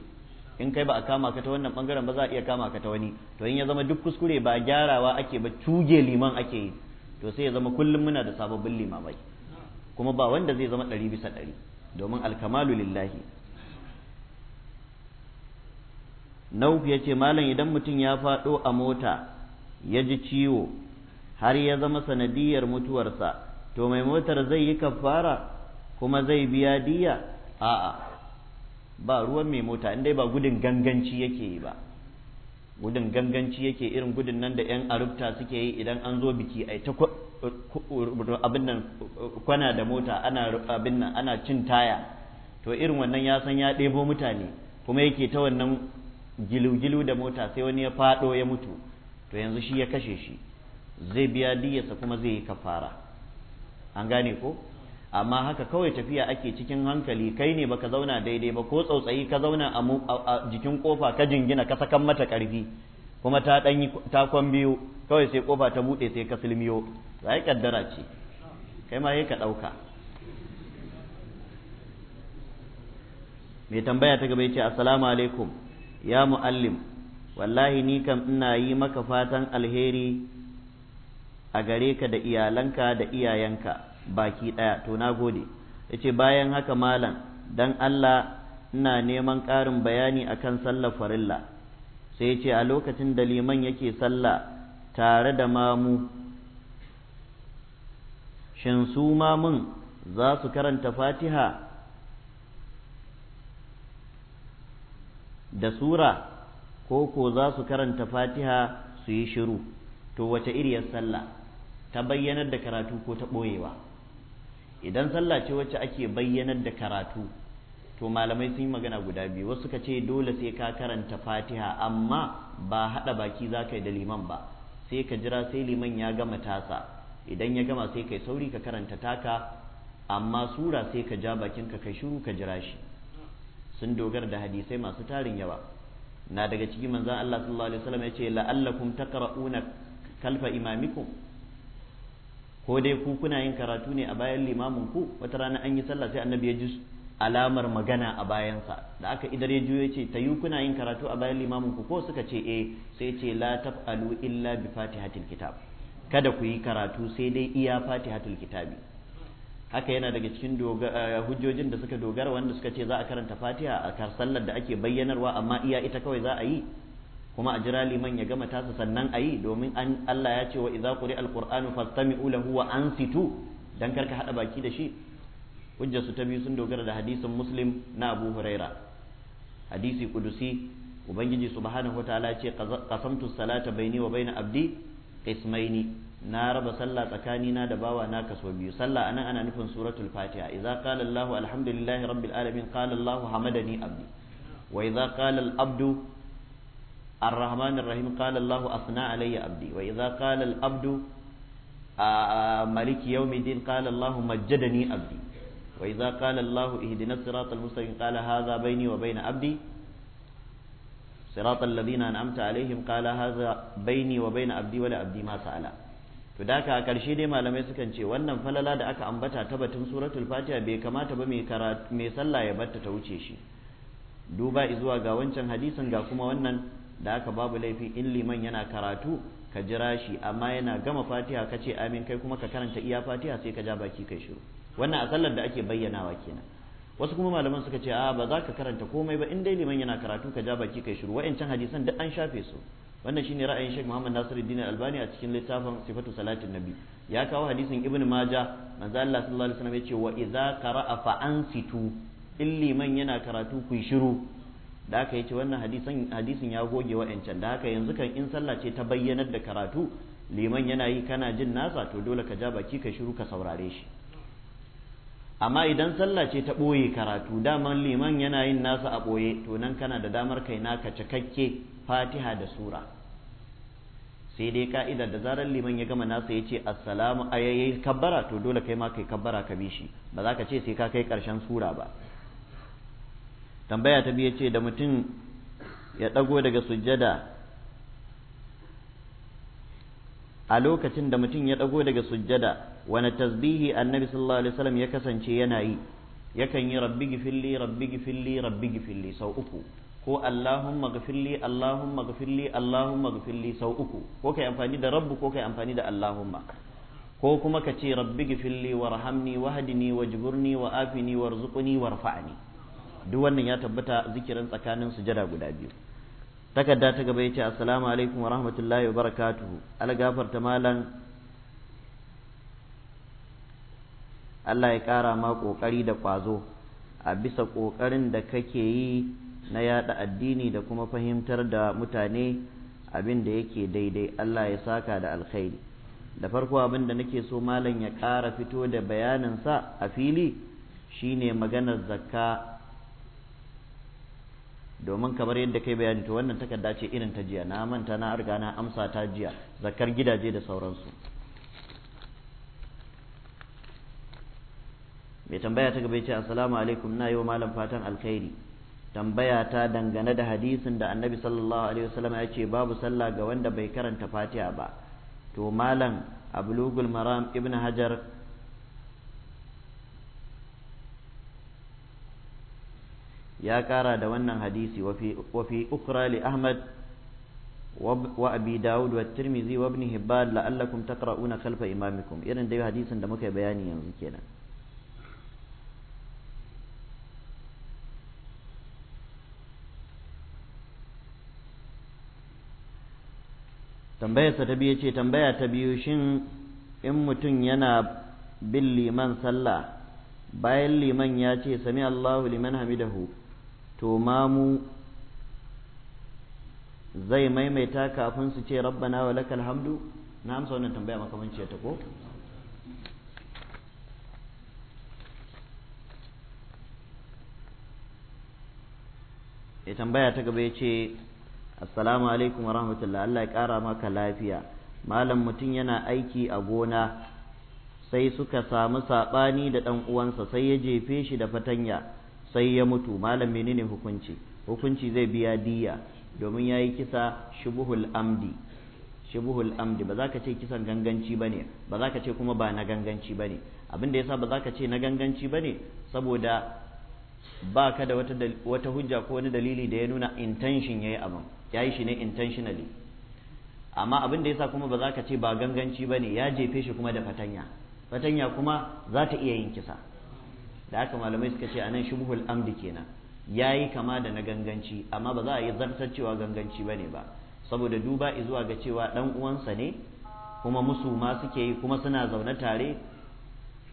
in kai ba a kama ka ta wannan bangaren ba za a iya kama ka ta wani to in ya zama duk kuskure ba gyarawa ake ba tuge liman ake yi to sai ya zama kullum muna da sababbin limamai kuma ba wanda zai zama ɗari bisa ɗari domin alkamalu lillahi nauf ya ce malam idan mutum ya faɗo a mota ya ji ciwo har ya zama sanadiyar mutuwarsa to mai motar zai yi kafara kuma zai biya diya a'a ba ruwan mai mota in dai ba gudun ganganci yake yi ba gudun ganganci yake irin gudun nan da 'yan arubta suke yi idan an zo biki ai abin nan kwana da mota ana abin ana cin taya to irin wannan ya san ya ɗebo mutane kuma yake ta wannan gilu-gilu da mota sai wani ya faɗo ya mutu to yanzu shi ya kashe shi zai biya diyarsa kuma zai yi kafara an gane ko amma haka kawai tafiya ake cikin hankali kai ne baka zauna daidai ba ko tsautsayi ka zauna a jikin kofa ka jingina ka sakan mata karfi kuma ta ta kwan biyu kawai sai kofa ta buɗe sai ka silmiyo yi kaddara ce kai ma yi ka ɗauka mai tambaya ta gaba ya ce assalamu alaikum ya mu'allim wallahi ni kam ina yi maka fatan alheri a gare ka da iyalanka da iyayenka baki ɗaya to na gode ya ce bayan haka malam don Allah ina neman ƙarin bayani akan sallar farilla sai ya ce a lokacin da liman yake sallah tare da mamu shin su mamun za su karanta fatiha da sura ko ko za su karanta fatiha su yi shiru to wace iriyar sallah ta bayyanar da karatu ko ta ɓoyewa idan sallah ce wacce ake bayyanar da karatu to malamai sun yi magana guda biyu wasu ka ce dole sai ka karanta fatiha amma ba haɗa baki za ka yi da liman ba sai ka jira sai liman ya gama tasa idan ya gama sai kai sauri ka karanta taka amma sura sai ka ja bakin ka kai shiru ka jira shi sun dogara da hadisai masu tarin yawa na daga ciki manzon Allah sallallahu alaihi wasallam yace la'allakum taqra'una kalfa imamikum ko dai ku kuna yin karatu ne a bayan limamin ku wata rana an yi sallah sai annabi ya ji alamar magana a bayansa da aka idar ya juyo ce ta yi kuna yin karatu a bayan limamin ku ko suka ce eh sai ce la taf'alu illa bi fatihatil kitab kada ku yi karatu sai dai iya fatihatul kitabi haka yana daga cikin eh, hujjojin da suka dogara wanda suka ce za a karanta fatiha a kar sallar da ake bayyanarwa amma iya ita kawai za a yi kuma a jira liman ya gama tasa sannan a yi domin Allah ya ce wa idza quri alqur'anu fastami'u lahu wa ansitu dan karka hada baki da shi hujjar su ta biyu sun dogara da hadisin muslim na abu huraira hadisi kudusi ubangiji subhanahu wataala ce qasamtu salata baini wa baina abdi qismaini na raba sallah tsakani na da bawa na kaso biyu sallah anan ana nufin suratul fatiha idza qala allah alhamdulillahi rabbil alamin qala allah hamadani abdi wa idza qala al abdu الرحمن الرحيم قال الله أثنى علي عبدي وإذا قال العبد ملك يوم الدين قال الله مجدني عبدي wa idza qala Allahu ihdinas siratal mustaqim qala hadha baini wa baina abdi siratal ladina an'amta alaihim qala baini wa baina abdi to da ka a ƙarshe dai malamai sukan ce wannan falala da aka ambata ta batun suratul fatiha bai kamata ba mai sallah ya batta ta wuce shi duba zuwa ga wancan hadisin ga kuma wannan da aka babu laifi in liman yana karatu ka jira shi amma yana gama fatiha ka ce amin kai kuma ka karanta iya fatiha sai ka ja baki kai shiru wannan a sallar da ake bayyanawa kenan wasu kuma malaman suka ce a ba za ka karanta komai ba in dai liman yana karatu ka ja baki kai shiru wa'ancan hadisan duk an shafe su wannan shine ra'ayin Sheikh Muhammad Nasiruddin Albani a cikin littafin Sifatu Salatin Nabi ya kawo hadisin Ibn Majah manzo Allah sallallahu alaihi wasallam yace wa idza qara'a fa ansitu in liman yana karatu ku shiru da aka yace wannan hadisin hadisin ya goge wa'ancan da haka yanzu kan in sallah ce ta bayyanar da karatu liman yana yi kana jin nasa to dole ka ja baki ka shiru ka saurare shi amma idan sallah ce ta ɓoye karatu damar liman yana yin nasa a ɓoye to nan kana da damar kai naka cikakke fatiha da sura sai dai ka'idar da zarar liman ya gama nasa ya ce assalamu ayayi kabbara to dole kai ma kai kabbara ka bi shi ba za ka ce sai ka kai ƙarshen sura ba tambaya ta biyu ce da mutum ya ɗago daga sujjada a lokacin da mutum ya ɗago daga sujjada wani tasbihi annabi sallallahu alaihi wasallam ya kasance yana yi yakan yi rabbi gifilli rabbi gifilli rabbi gifilli sau uku ko allahumma gafilli allahumma gafilli allahumma sau uku ko kai amfani da rabbu ko kai amfani da allahumma ko kuma ka ce rabbi gifilli warhamni wahdini wajburni wa afini warzuqni warfa'ni duk wannan ya tabbata zikirin tsakanin sujada guda biyu takarda ta gaba yace assalamu alaikum wa rahmatullahi wa barakatuhu ta malam Allah ya ƙara ma ƙoƙari da ƙwazo a bisa ƙoƙarin da kake yi na yaɗa addini da kuma fahimtar da mutane abin da yake daidai Allah ya saka da alkhairi da farko abin da nake so malam ya ƙara fito da bayaninsa a fili shine maganar zakka domin kamar yadda kai bayani to wannan takarda ce irin ta jiya na manta na arga na amsa ta jiya zakkar gidaje da sauransu mai tambaya ta gaba ce assalamu alaikum na yi wa malam fatan alkhairi tambaya ta dangane da hadisin da annabi sallallahu alaihi wasallam ya ce babu sallah ga wanda bai karanta fatiha ba to malam ablugul maram ibn hajar ya kara da wannan hadisi wa fi ukra li ahmad wa abi daud wa tirmizi wa ibn hibban la'allakum taqra'una khalfa imamikum irin dai hadisin da muka bayani yanzu kenan tambayarsa ta biyu ce tambaya ta biyu shin in mutum yana bin liman sallah bayan liman ya ce sami Allahu liman hamidahu to mamu zai maimaita kafin su ce rabbana wa lakal hamdu na amsa wannan tambaya makamanci ta ko ya eh, tambaya ta gaba ya ce assalamu alaikum wa rahmatullah Allah ya ƙara maka lafiya malam mutum yana aiki a gona sai suka samu saɓani da ɗan uwansa sai ya jefe shi da fatanya sai ya mutu malam menene hukunci hukunci zai biya diya domin ya yi kisa shubuhul amdi shubuhul amdi ba za ka ce kisan ganganci ba ne ba za ka ce kuma ba na ganganci ba ne abin da yasa ba za ka ce na ganganci ba ne saboda ba ka da wata hujja ko wani dalili da ya nuna intention ya yi abin ya yi shi ne intentionally amma abin da yasa kuma ba za ka ce ba ganganci ba ne ya jefe shi kuma da fatanya fatanya kuma za ta iya yin kisa da haka malamai suka ce anan shubuhul amdi kenan ya yi kama da na ganganci amma ba za a yi zartar cewa ganganci ba ne ba saboda duba izuwa ga cewa ɗan uwansa ne kuma musu ma suke yi kuma suna zaune tare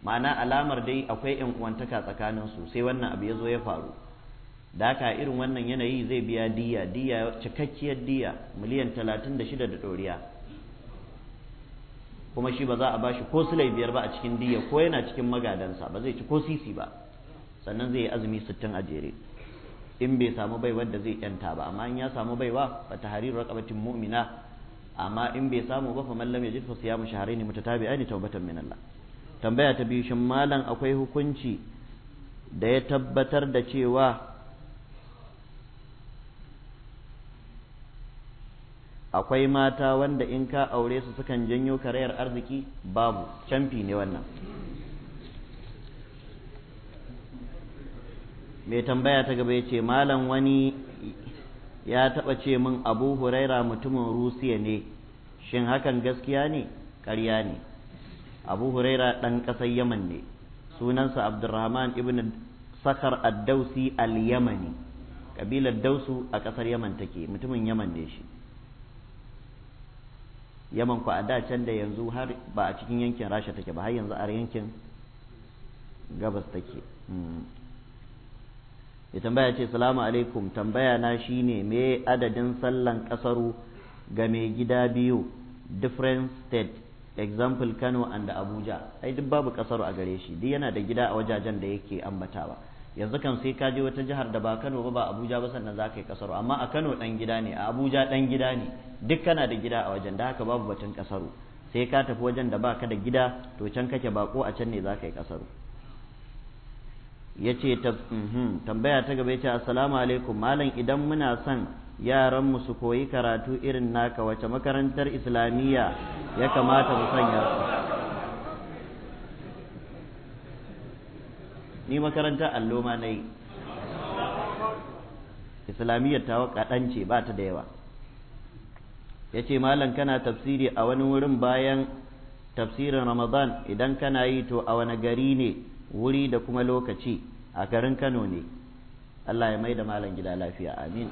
ma'ana alamar dai akwai 'yan uwantaka tsakaninsu sai wannan abu ya zo ya faru da haka irin wannan yanayi zai biya diya diya cikakkiyar diya miliyan talatin da shida da ɗoriya kuma shi ba za a bashi ko sulai biyar ba a cikin diya ko yana cikin magadansa ba zai ci ko sisi ba sannan zai yi azumi sittin a jere in bai samu baiwar da zai yanta ba amma in ya samu baiwa ba ta hariru raqabatin mu'mina amma in bai samu ba fa ya lam yajid fa siyamu shahrayn mutatabi'ain tawbatan min Allah tambaya ta biyu shin malam akwai hukunci da ya tabbatar da cewa akwai mata wanda in ka aure su sukan janyo karayar arziki babu camfi ne wannan mai tambaya ta gaba ya ce malam wani ya taɓa ce min abu huraira mutumin rusiya ne shin hakan gaskiya ne ƙarya ne abu huraira ɗan ƙasar yaman ne sunansa abdurrahman ibn sakar addausi al-yamani ƙabilar dausu a ƙasar yaman take mutumin yaman ne shi yaman ku a da can da yanzu har ba a cikin yankin rasha take ba har yanzu a yankin gabas take ya hmm. tambaya ce salamu alaikum tambaya na ne me adadin sallan kasaru ga mai gida biyu different state example kano and abuja ai duk babu kasaru a gare shi duk yana da gida a wajajen da yake ambatawa yanzu kan sai ka je wata jihar da ba Kano ba ba Abuja ba sannan za ka yi kasaro amma a Kano dan gida ne a Abuja dan gida ne duk kana da gida a wajen da haka babu batun kasaro sai ka tafi wajen da ba ka da gida to can kake bako a can ne za ka yi kasaro ya ce uhm, tambaya ta gaba ya ce assalamu alaikum malam idan muna son yaran mu su koyi karatu irin naka wace makarantar islamiyya ya kamata mu sanya su ni makaranta allo ma na yi islamiyyar ta kaɗan ce ba ta da yawa ya ce malam kana tafsiri a wani wurin bayan tafsirin ramadan idan kana yi to a wani gari ne wuri da kuma lokaci a garin kano ne allah ya mai da malam gida lafiya amin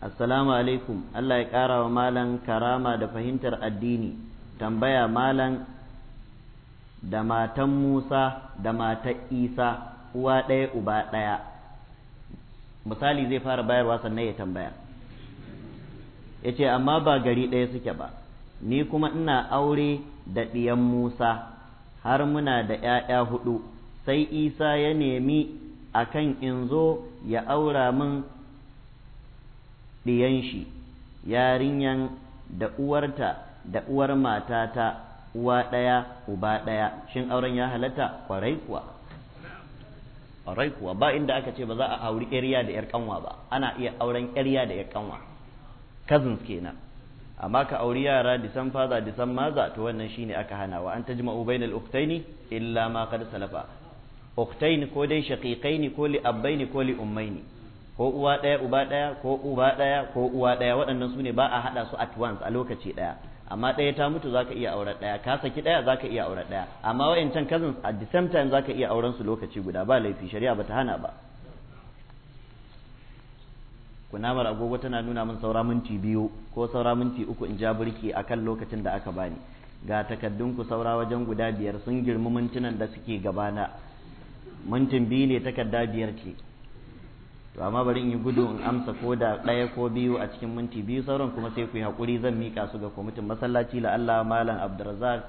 assalamu alaikum allah ya ƙara wa malam karama da fahimtar addini tambaya malam da matan Musa da matan Isa uwa ɗaya uba ɗaya misali zai fara bayarwa sannan ya tambaya ya ce amma ba gari ɗaya suke ba ni kuma ina aure da ɗiyan Musa har muna da ‘ya'ya huɗu sai Isa ya nemi a kan in zo ya aura min ɗiyan shi yarinyan da uwarta da uwar matata uwa ɗaya uba ɗaya shin auren ya halatta kwarai kuwa kwarai kuwa ba inda aka ce ba za a auri ƙarya da ƴar kanwa ba ana iya auren ƴarya da ƴar kanwa cousins kenan amma ka auri yara disan faza disan maza to wannan shine aka hana wa an tajma'u bainal uktaini illa ma qad salafa uktaini ko dai shaqiqaini ko li abbaini ko li ummaini ko uwa ɗaya uba ɗaya ko uba ɗaya ko uwa ɗaya waɗannan su ne ba a haɗa su at once a lokaci ɗaya amma ɗaya ta mutu zaka iya auren ɗaya ka saki ɗaya zaka iya auren ɗaya amma wayancan cousins at the same time zaka iya auren su lokaci guda ba laifi shari'a ba ta hana ba kunamar agogo tana nuna min saura minti biyu ko saura minti uku in ja burki akan lokacin da aka bani ga takaddun ku saura wajen guda biyar sun girmi mintunan da suke gabana mintin biyu ne takarda biyar ce to amma bari in yi gudu in amsa ko da ɗaya ko biyu a cikin minti biyu sauran kuma sai ku yi haƙuri zan miƙa su ga kwamitin masallaci la Allah malam Abdurrazzaq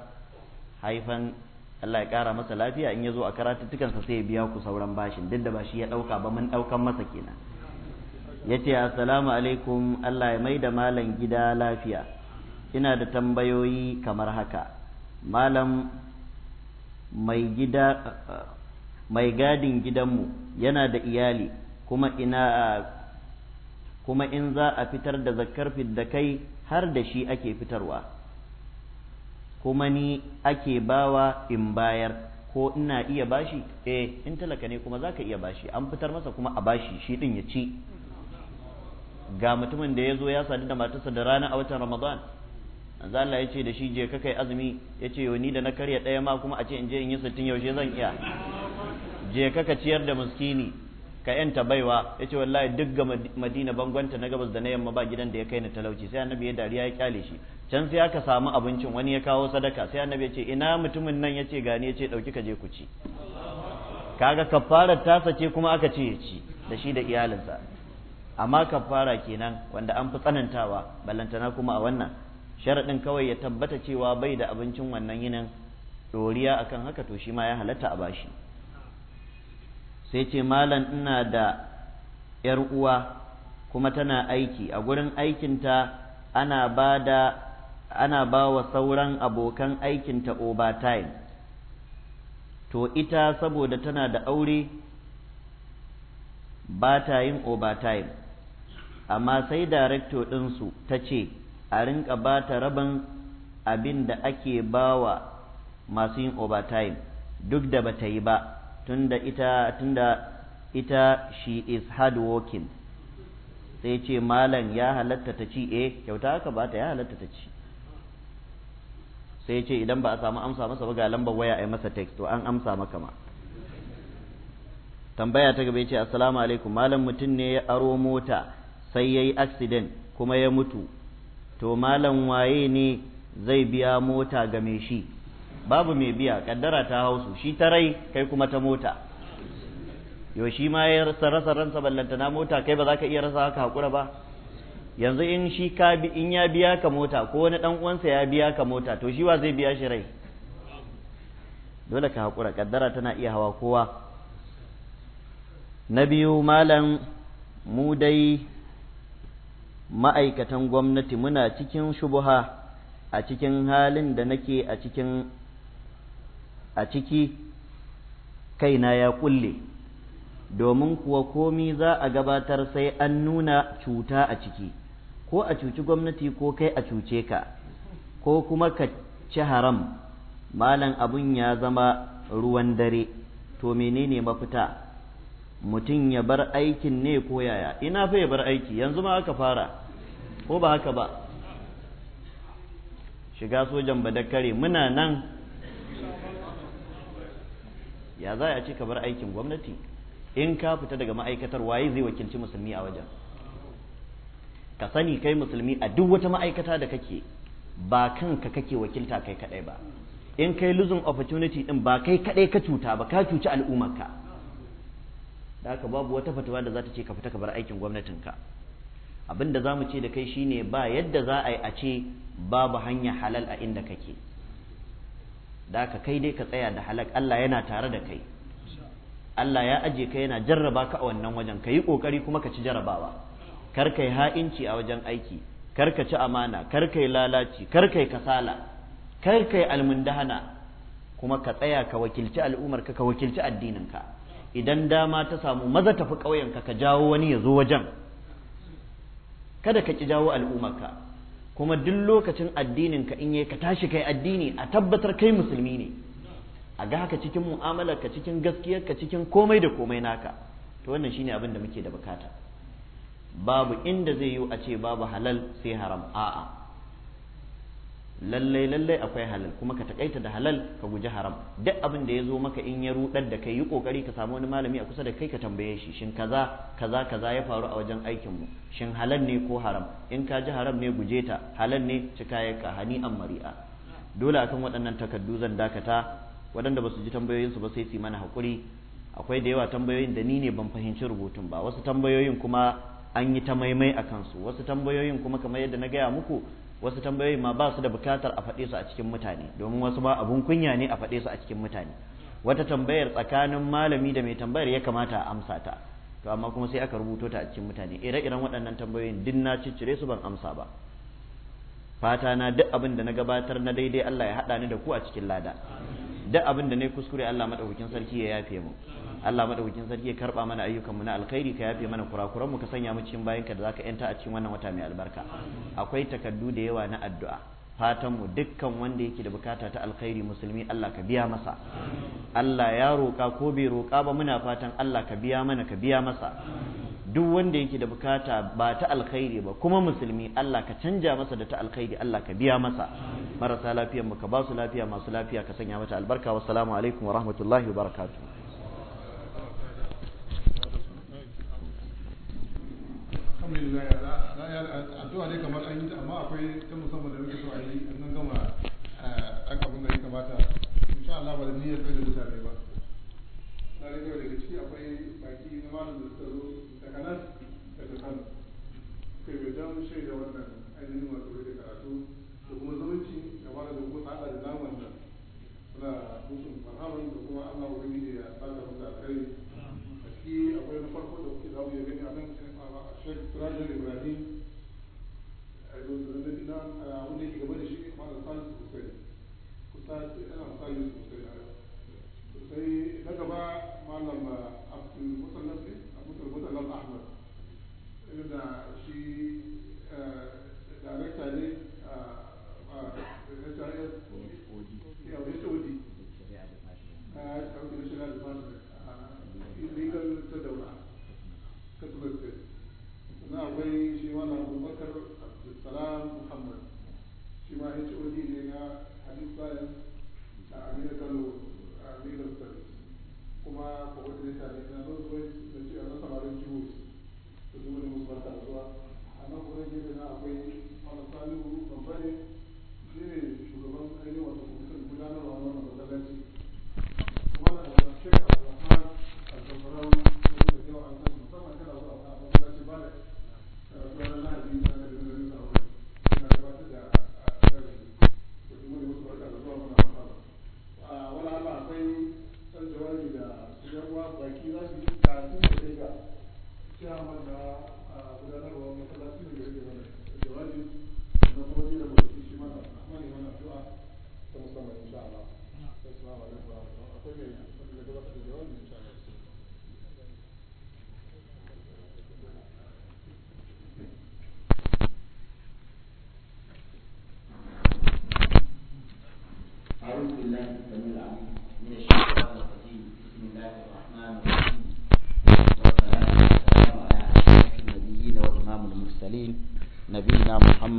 haifan Allah ya ƙara masa lafiya in ya zo a karatuttukansa sai ya biya ku sauran bashin duk da ba shi ya ɗauka ba mun ɗaukan masa kenan yace ce assalamu alaikum Allah ya mai da malam gida lafiya ina da tambayoyi kamar haka malam mai gida mai gadin gidanmu yana da iyali kuma ina kuma in za a fitar da zakar da kai har da shi ake fitarwa kuma ni ake bawa in bayar ko ina iya bashi eh in talaka ne kuma zaka iya bashi an fitar masa kuma a bashi shi din ya ci ga mutumin da ya zo ya sadu da matarsa da rana a watan ramadan manzo Allah ya ce da shi je ka kai azumi ya ce ni da na karya ɗaya ma kuma a ce in je in yi sittin yaushe zan iya je ka ciyar da muskini. ka yanta baiwa ya ce wallahi duk ga madina bangonta na gabas da na yamma ba gidan da ya kai ni talauci sai annabi ya dariya ya kyale shi can sai aka samu abincin wani ya kawo sadaka sai annabi ya ce ina mutumin nan ya ce gani ya ce ɗauki ka je ku ci kaga kafara ta sace kuma aka ce ya ci da shi da iyalinsa amma kafara kenan wanda an fi tsanantawa ballantana kuma a wannan sharaɗin kawai ya tabbata cewa bai da abincin wannan yinin doriya akan haka to shi ma ya halatta a bashi sai ce malam ina da ‘yar uwa kuma tana aiki a gurin aikinta ana ba ana ba wa sauran abokan aikinta overtime to ita saboda tana da aure ba ta yin overtime amma sai darakto ɗinsu ta ce a rinka ba ta rabin abin da ake ba wa masu yin overtime duk da ba ta yi ba tunda ita tunda ita she is hard working sai ce malam ya halatta ta ci eh kyauta haka ba ta ya halatta ta ci sai ce idan ba a samu amsa masa ba ga lambar waya a yi masa text to an amsa maka ma tambaya ta gaba ya ce assalamu alaikum malam mutum ne ya aro mota sai ya yi accident kuma ya mutu to malam waye ne zai biya mota ga mai shi babu mai biya kaddara ta hausu shi ta rai kai kuma ta mota yo shi ma ya rasa ransa ballanta na mota kai ba za ka iya rasa haka hakura ba yanzu in shi ka in ya biya ka mota ko wani dan uwansa ya biya ka mota to shi wa zai biya shi rai dole ka hakura kaddara tana iya hawa kowa na biyu malam mu dai ma'aikatan gwamnati muna cikin shubuha a cikin halin da nake a cikin a ciki kaina ya kulle domin kuwa komi za a gabatar sai an nuna cuta a ciki ko a cuci gwamnati ko kai a cuce ka ko kuma ka ci haram malam abun ya zama ruwan dare to menene mafita mutum ya bar aikin ne ko yaya ina fa ya bar aiki yanzu ma aka fara ko ba haka ba shiga sojan badakare muna nan ya za a ce ka bar aikin gwamnati in ka fita daga ma'aikatar waye zai wakilci musulmi a wajen ka sani kai musulmi a duk wata ma'aikata da kake ba kanka kake wakilta kai kadai ba in kai luzin opportunity din ba kai kadai ka cuta ba ka cuci al'ummarka da haka babu wata fatawa da za ta ce ka fita ka bar aikin gwamnatinka abin da za mu ce da kai shine ba yadda za a yi a ce babu hanya halal a inda kake da ka kai dai ka tsaya da halak Allah yana tare da kai Allah ya aje ka yana jarraba ka a wannan wajen ka yi ƙoƙari kuma ka ci jarrabawa kar kai ha'inci a wajen aiki kar ka ci amana kar kai lalaci kar kai kasala kar kai almundahana kuma ka tsaya ka wakilci al'umar ka ka wakilci addinin ka idan dama ta samu maza tafi ƙauyen ka ka jawo wani ya zo wajen kada ka ki jawo al'umar ka kuma duk lokacin addinin ka in yayi ka tashi kai addini a tabbatar kai musulmi ne a ga haka cikin mu'amalar ka cikin gaskiyar ka cikin komai da komai naka to wannan shine abin da muke da bukata babu inda zai yiwu a ce babu halal sai haram a'a lallai lallai akwai halal kuma ka takaita da halal ka guji haram duk abin da ya zo maka in ya rudar da kai yi kokari ka samu wani malami a kusa da kai ka tambaye shi shin kaza kaza kaza ya faru a wajen aikin mu shin halal ne ko haram in ka ji haram ne guje ta halal ne cika ya ka hani an mari'a dole akan waɗannan takaddu zan dakata waɗanda ba su ji tambayoyinsu ba sai su mana hakuri akwai da yawa tambayoyin da ni ne ban fahimci rubutun ba wasu tambayoyin kuma an yi ta maimai a kansu wasu tambayoyin kuma kamar yadda na gaya muku wasu tambayoyi ma ba su da bukatar a faɗe su a cikin mutane domin wasu ba abun kunya ne a faɗe su a cikin mutane wata tambayar tsakanin malami da mai tambayar ya kamata a amsa ta to amma kuma sai aka rubuto ta a cikin mutane ire-iren waɗannan tambayoyin duk na ciccire su ban amsa ba fata na duk abin da na gabatar na daidai Allah ya haɗa ni da ku a cikin lada duk abin da na kuskure Allah madaukakin sarki ya yafe mu Allah madaukakin sarki ya karba mana ayyukan mu na alkhairi ka yafe mana kurakuran mu ka sanya mu cikin bayanka da zaka yanta a cikin wannan wata mai albarka akwai takaddu da yawa na addu'a fatan mu dukkan wanda yake da bukata ta alkhairi musulmi Allah ka biya masa Allah ya roƙa ko bai roƙa ba muna fatan Allah ka biya mana ka biya masa duk wanda yake da bukata ba ta alkhairi ba kuma musulmi Allah ka canja masa da ta alkhairi Allah ka biya masa marasa lafiyan mu ka ba su lafiya masu lafiya ka sanya mata albarka wassalamu alaikum wa rahmatullahi wa barakatuh a addu'a dai kamar an yi ta amma akwai ta musamman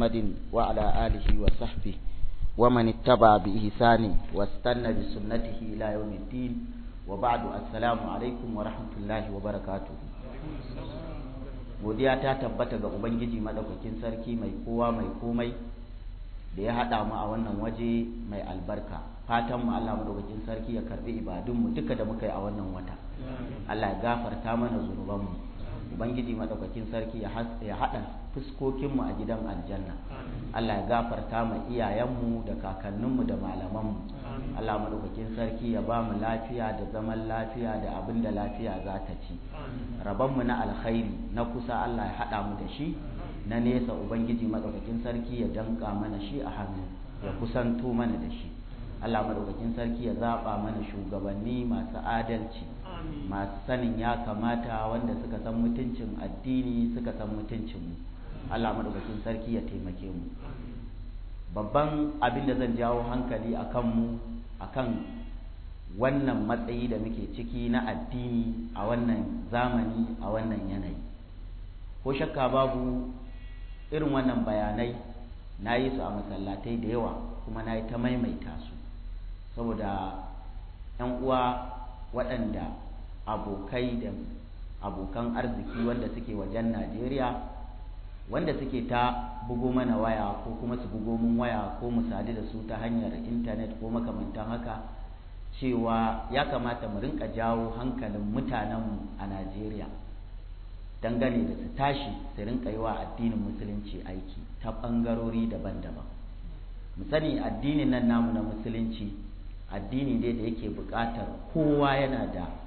محمد وعلى آله وصحبه ومن اتبع بإحسان واستنى بسنته إلى يوم الدين وبعد السلام عليكم ورحمة الله وبركاته godiya ta tabbata ga ubangiji madaukakin sarki mai kowa mai komai da ya haɗa mu a wannan waje mai albarka fatan mu Allah madaukakin sarki ya karɓi ibadunmu duka da muka yi a wannan wata Allah ya gafarta mana zunubanmu ubangiji madaukakin sarki ya haɗa fuskokinmu a gidan aljanna allah ya gafarta ma iyayenmu da kakanninmu da malamanmu allah madaukakin sarki ya ba mu lafiya da zaman lafiya da abin da lafiya za ta ci rabonmu na alkhairi na kusa allah ya haɗa mu da shi na nesa ubangiji madaukakin sarki ya danka mana shi a hannu ya kusanto mana da shi allah madaukakin sarki ya zaɓa mana shugabanni masu adalci masu sanin ya kamata wanda suka san mutuncin addini suka san mutuncin Allah madaukakin sarki ya taimake mu babban abin da zan jawo hankali a kanmu a kan wannan matsayi da muke ciki na addini a wannan zamani a wannan yanayi ko shakka babu irin wannan bayanai na yi su a masallatai da yawa kuma na yi ta maimaita su saboda 'yan uwa waɗanda abokai da abokan arziki wanda suke wajen najeriya wanda suke ta bugo mana waya ko kuma su bugo mun waya ko mu sadu da su ta hanyar intanet ko makamantan haka cewa ya kamata mu rinka jawo hankalin mutanenmu a najeriya dangane da su tashi su rinka yi wa addinin musulunci aiki ta ɓangarori daban-daban mu sani addinin nan namu na musulunci addini ne da yake buƙatar kowa yana da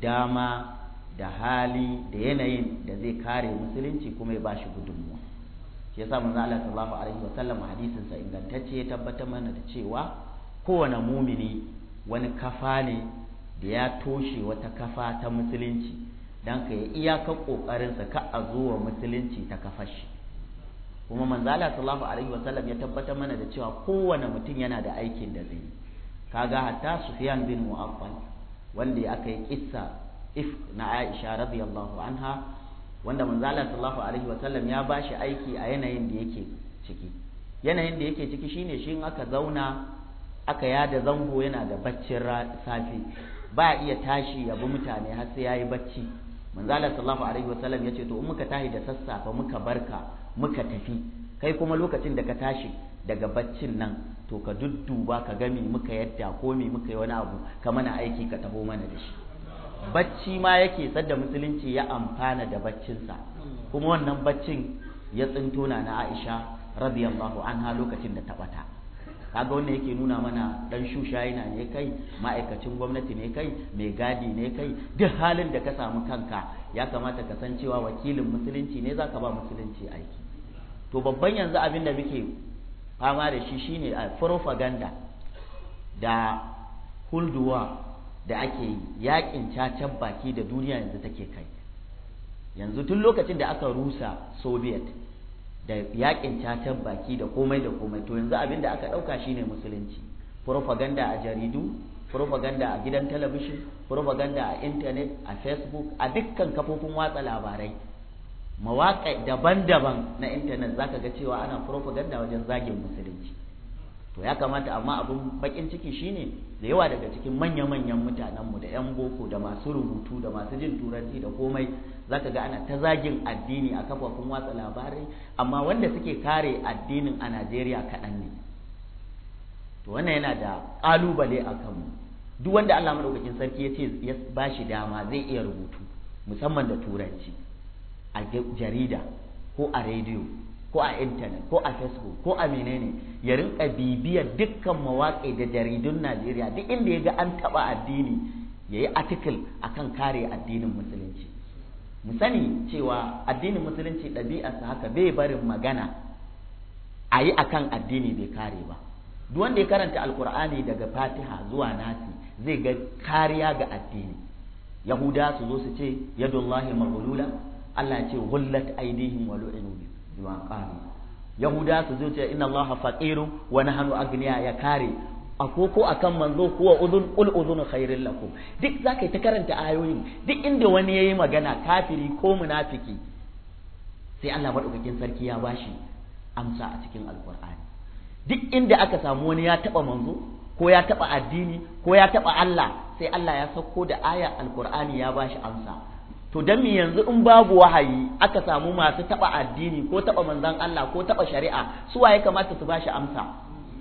dama da hali da yanayin da zai kare musulunci kuma ya bashi gudunmuwa shi yasa manzo Allah sallallahu alaihi wa sallam hadisin sa ingantacce ya tabbatar mana da cewa kowane mumini wani kafa ne da ya toshe wata kafa ta musulunci dan ka yi ka kokarin sa ka a zuwa musulunci ta kafar kuma manzo Allah sallallahu alaihi wa sallam ya tabbatar mana da cewa kowane mutum yana da aikin da zai yi kaga hatta Sufyan bin Mu'affal wanda aka yi kissa if na Aisha radiyallahu anha wanda Allah sallallahu alaihi wasallam ya bashi aiki a yanayin da yake ciki yanayin da yake ciki shine shi aka zauna aka yada zango yana da baccin safe ba iya tashi ya bi mutane har sai yayi bacci Allah sallallahu alaihi wasallam ya ce to in muka tashi da sassafe muka barka muka tafi kai kuma lokacin da ka tashi daga baccin nan to ka dudduba ka gami muka yadda ko me muka yi wani abu ka mana aiki ka taho mana da shi bacci ma yake sadda musulunci ya amfana da baccinsa kuma wannan baccin ya tsinto na na Aisha radiyallahu anha lokacin da ta bata kaga wannan yake nuna mana dan shusha yana ne kai ma'aikacin gwamnati ne kai mai gadi ne kai duk halin da ka samu kanka ya kamata ka san cewa wakilin musulunci ne zaka ba musulunci aiki to babban yanzu abin da muke fama da shi shine a propaganda da hulduwa da ake yi yakin cacan baki da duniya yanzu take kai yanzu tun lokacin da aka rusa soviet da yakin cacan baki da komai da komai to yanzu abin da aka ɗauka shine musulunci propaganda a jaridu propaganda a gidan talabishin propaganda a intanet a facebook a dukkan kafofin watsa labarai mawaƙa daban-daban na intanet zaka ga cewa ana propaganda wajen zagin musulunci to ya kamata amma abin baƙin ciki shine da yawa daga cikin manya-manyan mutanenmu da 'yan boko da masu rubutu da masu jin turanci da komai zaka ga ana ta zagin addini a kafafun watsa labarai amma wanda suke kare addinin a najeriya kaɗan ne to wannan yana da ƙalubale a kanmu duk wanda allah maɗaukakin sarki ya ce ya ba shi dama zai iya rubutu musamman da turanci a jarida ko a rediyo ko a intanet ko a facebook ko a menene ya rinka bibiyar dukkan mawaƙi da jaridun najeriya duk inda ya ga an taɓa addini ya yi article akan kare addinin musulunci mu sani cewa addinin musulunci ɗabi'arsa haka bai barin magana a yi akan addini bai kare ba duk wanda ya karanta alkur'ani daga fatiha zuwa nasi zai ga kariya ga addini yahuda su zo su ce yadullahi maghlula Allah ya ce gullat aidihim wa lu'inu bima qalu yahuda su zo ce inna allaha faqiru wa nahnu agniya ya kare ako ko akan manzo wa udun ul udun khairin lakum duk zakai ta karanta ayoyin duk inda wani yayi magana kafiri ko munafiki sai Allah madaukakin sarki ya bashi amsa a cikin alqur'ani duk inda aka samu wani ya taba manzo ko ya taba addini ko ya taba Allah sai Allah ya sauko da aya alqur'ani ya bashi amsa to dan me yanzu in babu wahayi aka samu masu taba addini ko taba manzon Allah ko taba shari'a su waye kamata su bashi amsa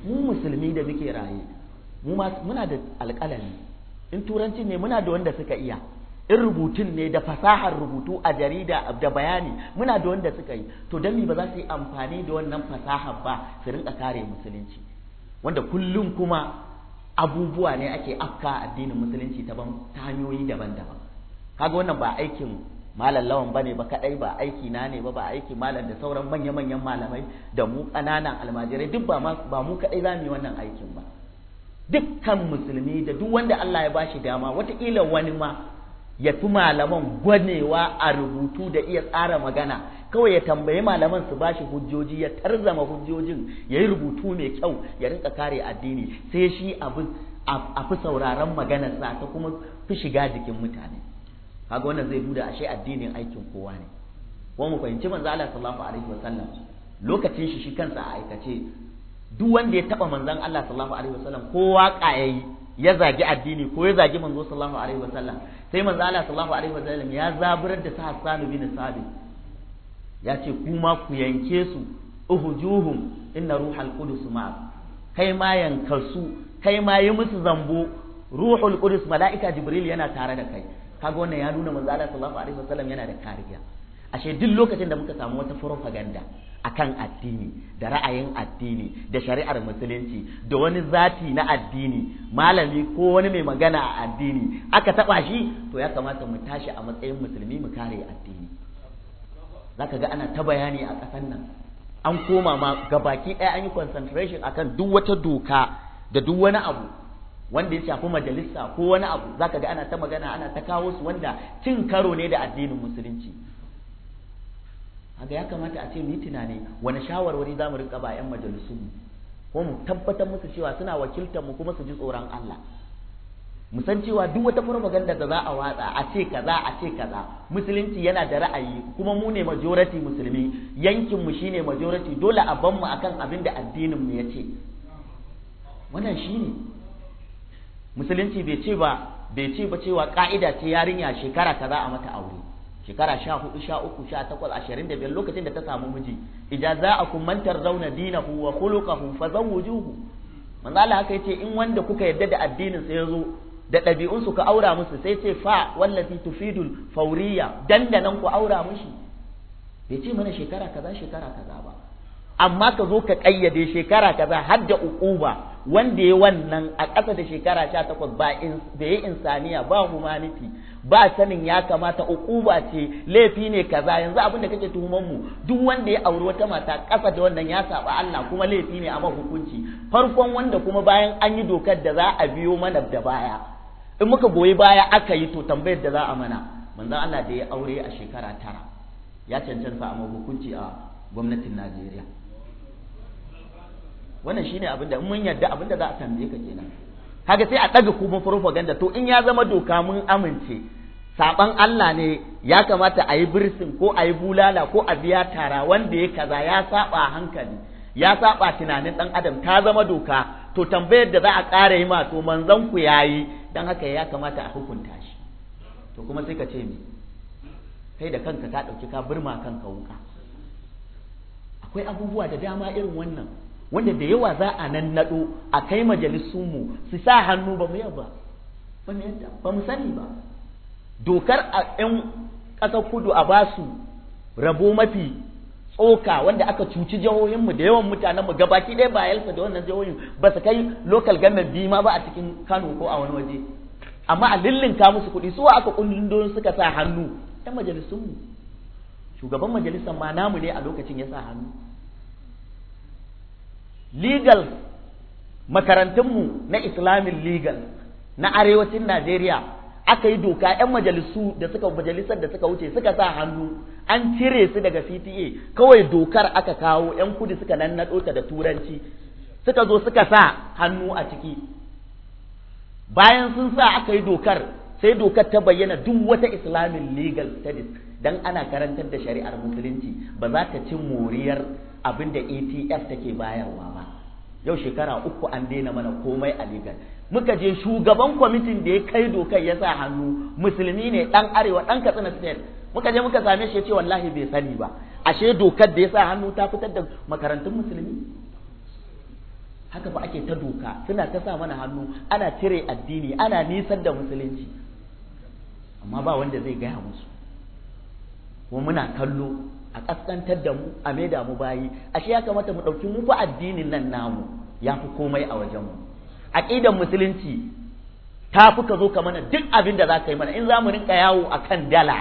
mu musulmi da muke raye mu muna da alƙalami in turanci ne muna da wanda suka iya in rubutun ne da fasahar rubutu a jarida da bayani muna da wanda suka yi to dan me ba za su yi amfani da wannan fasahar ba su rinka kare musulunci wanda kullum kuma abubuwa ne ake afka addinin musulunci ta hanyoyi daban-daban kaga wannan ba aikin malam lawan bane ba kadai ba aiki na ne ba ba aiki malam da sauran manya-manyan malamai da mu kananan almajirai duk ba ba mu kadai za mu yi wannan aikin ba dukkan musulmi da duk wanda Allah ya bashi dama wata wataƙila wani ma ya fi malaman gwanewa a rubutu da iya tsara magana kawai ya tambayi malaman su bashi hujjoji ya tarzama hujjojin ya yi rubutu mai kyau ya rinka kare addini sai shi a fi sauraron maganarsa ta kuma fi shiga jikin mutane kaga wannan zai bude ashe addinin aikin kowa ne kuma mu fahimci manzo Allah sallallahu alaihi wasallam lokacin shi shi kansa a aikace duk wanda ya taba manzon Allah sallallahu alaihi wasallam kowa kayayi ya zagi addini ko ya zagi manzo sallallahu alaihi wasallam sai manzo Allah sallallahu alaihi wasallam ya zaburar da Hassan bin Sabi ya ce kuma ku yanke su uhujuhum inna ruhal qudus ma kai ma yankasu kai ma yi musu zambo ruhul qudus mala'ika jibril yana tare da kai kaga wannan ya nuna manzo Allah sallallahu alaihi wasallam yana da kariya ashe duk lokacin da muka samu wata propaganda akan addini da ra'ayin addini da shari'ar musulunci da wani zati na addini malami ko wani mai magana a addini aka taba shi to ya kamata mu tashi a matsayin musulmi mu kare addini zaka ga ana ta bayani a kasan nan an koma ma gabaki ɗaya an yi concentration akan duk wata doka da duk wani abu wanda ya shafi majalisa ko wani abu Za ka ga ana ta magana ana ta kawo su wanda cin karo ne da addinin musulunci haka ya kamata a ce mu yi tunani wani shawarwari za mu rinka ba 'yan majalisu mu ko mu tabbatar musu cewa suna wakiltar mu kuma su ji tsoron Allah mu san cewa duk wata propaganda da za a watsa a ce kaza a ce kaza musulunci yana da ra'ayi kuma mu ne majority musulmi yankin mu shine majority dole a ban mu akan abin da addinin mu ya ce wannan shine musulunci bai ce ba bai ce ba cewa ka'ida ce yarinya shekara za a mata aure shekara sha hudu sha uku sha takwas ashirin da biyar lokacin da ta samu miji Ija za a kumantar zauna dinahu wa khuluquhu fa zawwijuhu manzo Allah haka yace in wanda kuka yarda da addinin sa yazo da ɗabi'unsu ka aura musu sai ce fa wallafi tufidul fauriya dandanan ku aura mushi bai ce mana shekara kaza shekara kaza ba amma ka zo ka kayyade shekara kaza hadda da uquba wanda ya wannan a ƙasa da shekara sha takwas da ya insaniya ba humanity ba sanin ya kamata ukuba ce laifi ne kaza yanzu abin da kake tuhumar mu duk wanda ya auri wata mata ƙasa da wannan ya saba Allah kuma laifi ne a hukunci farkon wanda kuma bayan an yi dokar da za a biyo mana da baya in muka goyi baya aka yi to tambayar da za a mana manzon Allah da ya aure a shekara tara ya cancanta a hukunci a gwamnatin Najeriya wannan shine abin da mun yarda abin da za a tambaye ka kenan kaga sai a daga kuma propaganda to in ya zama doka mun amince saɓan Allah ne ya kamata a yi birsin ko a yi bulala ko a biya tara wanda ya kaza ya saba hankali ya saɓa tunanin dan adam ta zama doka to tambayar da za a ƙara yi ma to manzon ku yayi dan haka ya kamata a hukunta shi to kuma sai ka ce me kai da kanka ka dauki ka birma kanka wuka akwai abubuwa da dama irin wannan wanda da yawa za a nan naɗo a kai majalisunmu su sa hannu ba mu yaba ba mu sani ba dokar a 'yan ƙasar kudu a ba su rabo mafi tsoka wanda aka cuci jihohinmu da yawan mutanenmu gabaki ɗaya ba yalsa da wannan jihohin ba su kai local government biyu ma ba a cikin kano ko a wani waje amma a lillinka musu kuɗi suwa aka kundin suka sa hannu ɗan majalisunmu shugaban majalisar ma namu ne a lokacin ya sa hannu legal makarantunmu na islamic legal na arewacin najeriya aka yi doka 'yan majalisu da suka majalisar da suka wuce suka sa hannu an cire su daga cta kawai dokar aka kawo 'yan kudi suka nan ta da turanci suka zo suka sa hannu a ciki bayan sun sa aka yi dokar sai dokar ta bayyana duk wata islamic legal studies don ana karantar da shari'ar musulunci ba za ta ci moriyar abin da etf take bayarwa ba yau shekara uku an daina mana komai a legal muka je shugaban kwamitin da ya kai dokar ya sa hannu musulmi ne dan arewa dan katsina state muka je muka same shi ya ce wallahi bai sani ba ashe dokar da ya sa hannu ta fitar da makarantun musulmi haka ba ake ta doka suna ta sa mana hannu ana cire addini ana nisan da musulunci amma ba wanda zai gaya musu ko muna kallo a kaskantar da mu a maida mu bayi ashe ya kamata mu ɗauki mu fa addinin nan namu ya fi komai a wajen mu aqidar musulunci ta fi ka zo ka mana duk abin da za ka yi mana in za mu rinka yawo a kan dala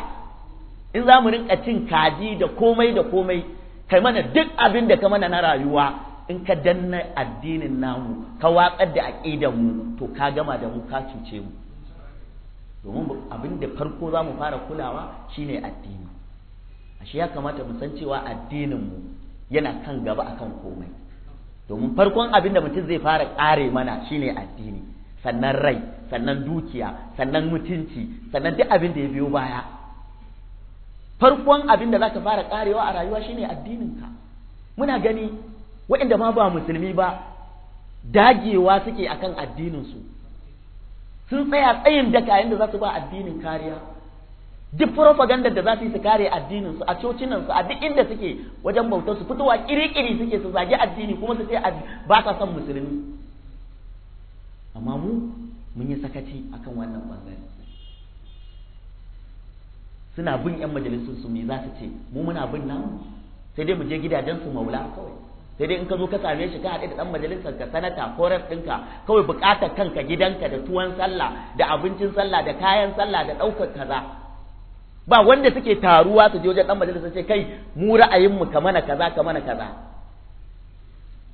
in za mu rinka cin kaji da komai da komai kai mana duk abin da ka mana na rayuwa in ka danna addinin namu ka watsar da aqidar mu to ka gama da mu ka cuce mu domin abin da farko za mu fara kulawa shine addini ashe ya kamata mu san cewa addinin mu yana kan gaba akan komai domin farkon abin da mutum zai fara kare mana shine addini sannan rai sannan dukiya sannan mutunci sannan duk abin da ya biyo baya farkon abin da zaka fara karewa a rayuwa shine addininka muna gani waɗanda ma ba musulmi ba dagewa suke akan addininsu sun tsaya tsayin daka yadda za su ba addinin kariya duk propaganda da za su yi su kare addinin su a cocinansu a duk inda suke wajen bautar su fitowa kirikiri suke su zagi addini kuma su ce ba sa son musulmi amma mu mun yi sakaci akan wannan bangare suna bin yan majalisun su me za su ce mu muna bin nan sai dai mu je gidajen su maula kawai sai dai in ka zo ka same shi ka haɗe da ɗan majalisar ka sanata ko ɗinka kawai buƙatar kanka gidanka da tuwon sallah da abincin sallah da kayan sallah da ɗaukar kaza ba wanda suke taruwa su je wajen dan majalisa ce kai mu ra'ayin mu kamana kaza kamana kaza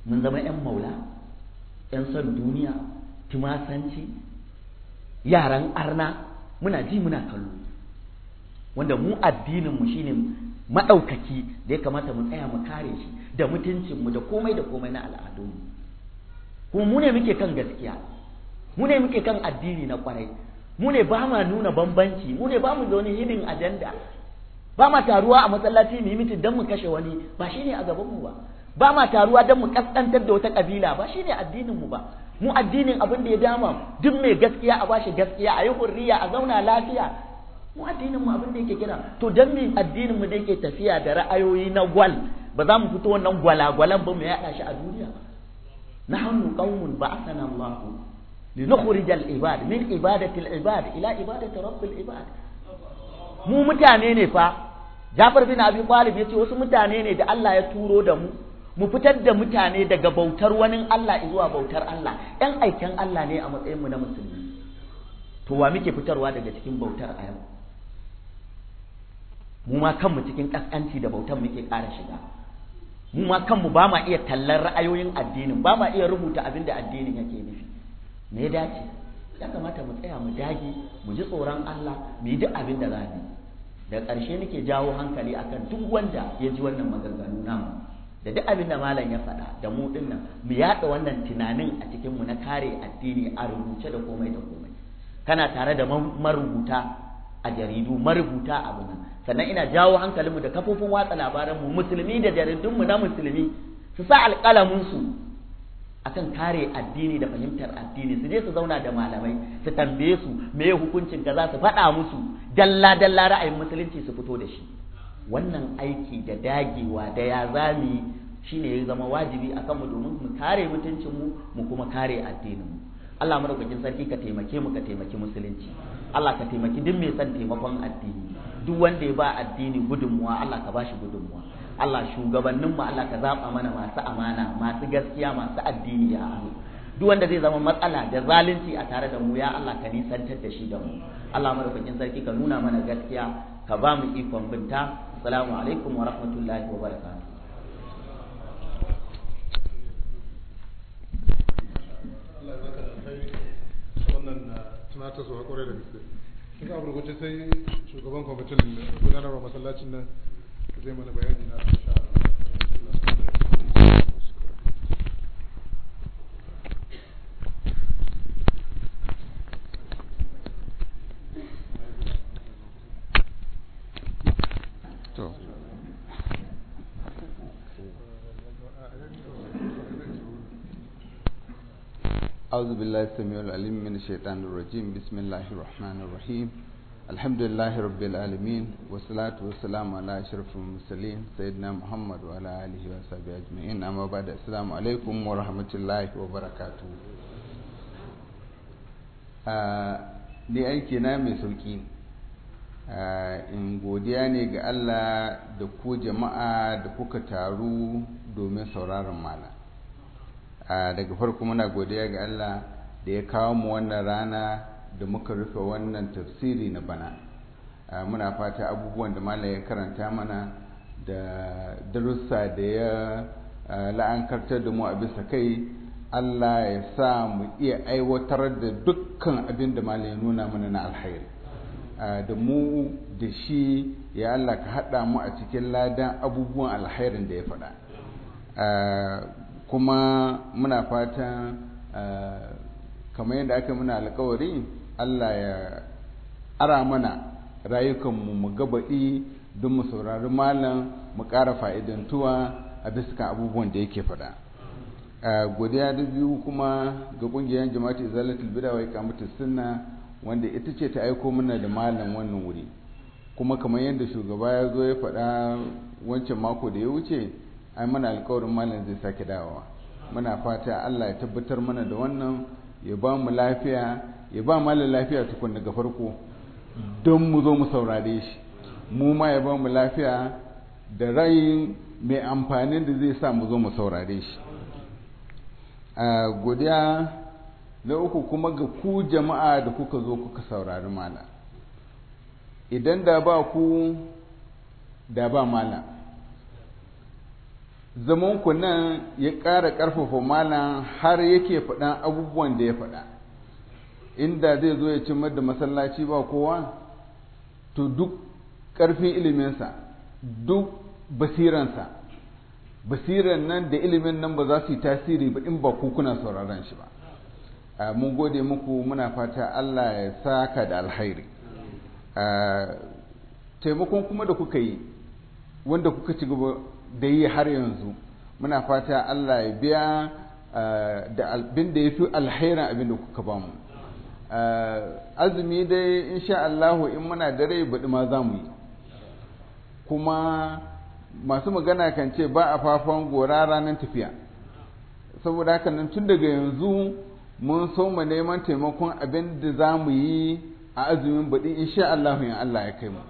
mun zama yan maula yan son duniya tumasanci yaran arna muna ji muna kallo wanda mu addinin mu shine madaukaki da ya kamata mu tsaya mu kare shi da mutuncin mu da komai da komai na mu kuma mu ne muke kan gaskiya mu ne muke kan addini na kwarai mu ne ba ma nuna bambanci mu ne ba mu da wani hidin ajanda ba ma taruwa a masallaci mu yi mutum don mu kashe wani ba shi ne a gabanmu ba ba ma taruwa don mu kaskantar da wata kabila ba shi ne addininmu ba mu addinin abin da ya dama duk mai gaskiya a bashi gaskiya a yi hurriya a zauna lafiya mu addininmu abin da yake kira to don addinin mu da yake tafiya da ra'ayoyi na gwal ba za mu fito wannan gwalagwalan ba mu yaɗa shi a duniya na nahnu qaumun ba'athana Allahu لنخرج العباد من عبادة العباد إلى عبادة رب العباد rabbil mu mutane ne fa Jafar bin Abi Talib yace wasu mutane ne da Allah ya turo da mu mu fitar da mutane daga bautar wani Allah zuwa bautar Allah ɗan aikin Allah ne a matsayin mu na musulmi to wa muke fitarwa daga cikin bautar a yau mu ma kanmu cikin ƙasƙanci da bautar muke ƙara shiga mu ma kanmu ba ma iya tallar ra'ayoyin addinin ba ma iya rubuta abin da addinin yake ne me ya dace ya kamata mu tsaya mu dage mu ji tsoron Allah mu yi duk abin da za mu da ƙarshe nake jawo hankali akan duk wanda ya ji wannan maganganu namu da duk abin da malam ya faɗa da mu dinnan mu yaɗa wannan tunanin a cikin mu na kare addini a rubuce da komai da komai kana tare da marubuta a jaridu marubuta a nan sannan ina jawo hankalinmu da kafofin watsa labaran mu musulmi da jaridunmu na musulmi su sa alƙalaminsu akan kare addini da fahimtar addini su je su zauna da malamai su tambaye su me hukuncin za su faɗa musu dalla dalla ra'ayin musulunci su fito da shi wannan aiki da dagewa da ya zami shine ya zama wajibi a kanmu domin mu kare mutuncinmu mu kuma kare addinin mu Allah madaukakin sarki ka taimake mu ka taimaki musulunci Allah ka taimaki duk mai son taimakon addini duk wanda ya ba addini gudunmuwa Allah ka bashi gudunmuwa Allah shugabannin mu Allah ka zaba mana masu amana masu gaskiya masu addini ya amu duk wanda zai zama matsala da zalunci a tare da mu ya Allah ka nisantar da shi da mu Allah madaukakin sarki ka nuna mana gaskiya ka ba mu ikon binta assalamu alaikum wa rahmatullahi wa barakatuh Allah ya zaka da kai wannan ah, tunatar su hakuri da gaske. Kika abu sai shugaban kwamitin gudanarwa masallacin nan زي ما انا بيادي أعوذ بالله السميع العليم من الشيطان الرجيم بسم الله الرحمن الرحيم alhamdulillahi rabbil alamin wasalatu wassalamu ala ashrafil mursalin sayyidina muhammad wa ala alihi wa sahbihi ajma'in amma ba da assalamu alaikum wa rahmatullahi wa barakatu. Ah, ni aiki na mai sauki ah, in godiya ne ga Allah da ku jama'a da kuka taru domin sauraron mana ah, daga farko muna godiya ga Allah da ya kawo mu wannan rana da muka rufe wannan tafsiri na bana muna fata abubuwan da malam ya karanta mana da darussa da ya la'ankartar da mu a bisa kai Allah ya sa mu iya aiwatar da dukkan abin da ya nuna mana na alhairi da mu da shi ya Allah ka haɗa mu a cikin ladan abubuwan alhairin da ya faɗa kuma muna fatan kamar yadda aka muna alkawari Allah ya ara mana rayukanmu mu gabaɗi don mu saurari malam mu ƙara fa'idantuwa a bisa abubuwan da yake faɗa. godiya da biyu kuma ga ƙungiyar jama'atu izalatul bida wai kamata sunna wanda ita ce ta aiko mana da malam wannan wuri kuma kamar yadda shugaba ya zo ya faɗa wancan mako da ya wuce ai mana alƙawarin malam zai sake dawowa muna fata Allah ya tabbatar mana da wannan ya ba mu lafiya ya ba malar lafiya tukun daga farko don mu zo mu saurare shi mu ma ya ba mu lafiya da rai mai amfani da zai sa mu zo mu saurare shi a godiya na uku kuma ga ku jama'a da kuka zo kuka saurari mala idan da ba ku da ba mala zamanku nan ya ƙara ƙarfafa mala har yake faɗan abubuwan da ya faɗa inda zai zo ya cimar da masallaci ba kowa to duk ƙarfin iliminsa duk basiransa basiran nan da ilimin nan ba za su yi tasiri ba in ba ku kuna sauraron shi ba mun gode muku muna fata Allah ya saka da alhairi taimakon kuma da kuka yi wanda kuka ci gaba da yi har yanzu muna fata Allah ya biya da abin da ya fi alhairan abin da kuka bamu Eh, azumi dai insha Allahu in muna da rai baɗi ma za mu yi kuma masu magana kan ce ba a fafan gora ranar tafiya saboda haka nan tun daga yanzu mun so mu neman taimakon abin da za mu yi a azumin baɗi insha Allahu in Allah ya kai mu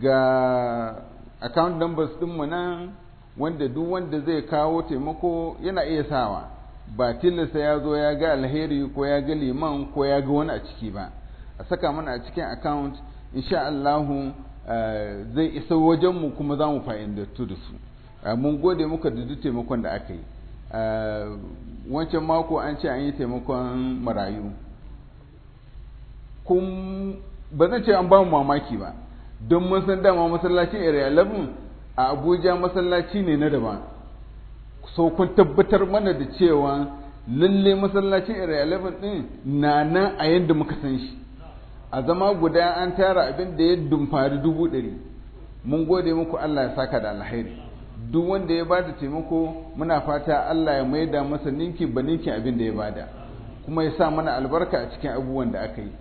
ga account numbers mu nan wanda duk wanda zai kawo taimako yana iya sawa ba tilasta ya zo ya ga alheri ko ya ga liman ko ya ga wani a ciki ba a saka mana a cikin account insha Allahu eh, zai isa wajen mu kuma za mu fa'indattu da su eh, mun gode muka da duk taimakon da aka yi eh, wancan mako an ce an yi taimakon marayu kun ba zan ce an ba mu mamaki ba don mun san dama masallacin area 11 a abuja masallaci ne na daban so kun tabbatar mana da cewa lalle masallacin area 11 din na nan a yadda muka san shi a zama guda an tara abin da ya dumfari dubu ɗari mun gode muku Allah ya saka da alheri duk wanda ya bada taimako muna fata Allah ya maida masa ninki ba ninki abin da ya bada kuma ya sa mana albarka a cikin abubuwan da aka yi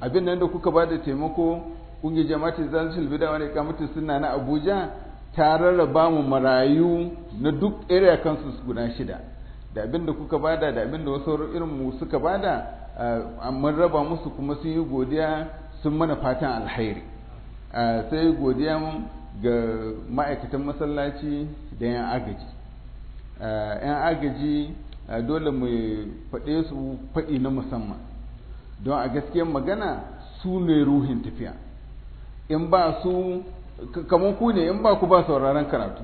abin nan da kuka bada taimako kungiyar jama'atin zanzibar bida wani kamatin suna na abuja ta rarraba mu marayu na duk area su guda shida da abin da kuka bada da abin da wasu irin mu suka bada eh, mun raba musu kuma sun yi godiya sun mana fatan alhairi eh, sai godiya ga ma'aikatan masallaci da 'yan agaji eh, 'yan agaji dole mu faɗe su faɗi na musamman don a gaske magana su ne ruhin tafiya in ba su kamar ku ne in ba ku ba sauraron karatu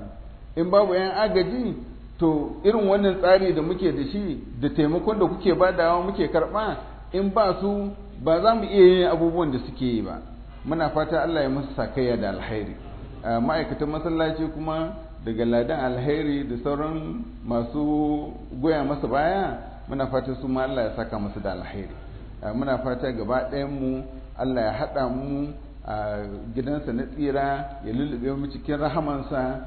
in babu yan agaji to irin wannan tsari da muke da shi da taimakon da kuke badawa muke karɓa in ba su ba za mu iya yin abubuwan da suke yi ba muna fata Allah ya musu sakayya da alheri ma'aikatan masallaci kuma daga ladan alheri da sauran masu goya masa baya muna fata su ma Allah ya saka musu da alheri muna fata gaba ɗayan mu Allah ya haɗa mu a gidansa na tsira ya lullube mu cikin rahamansa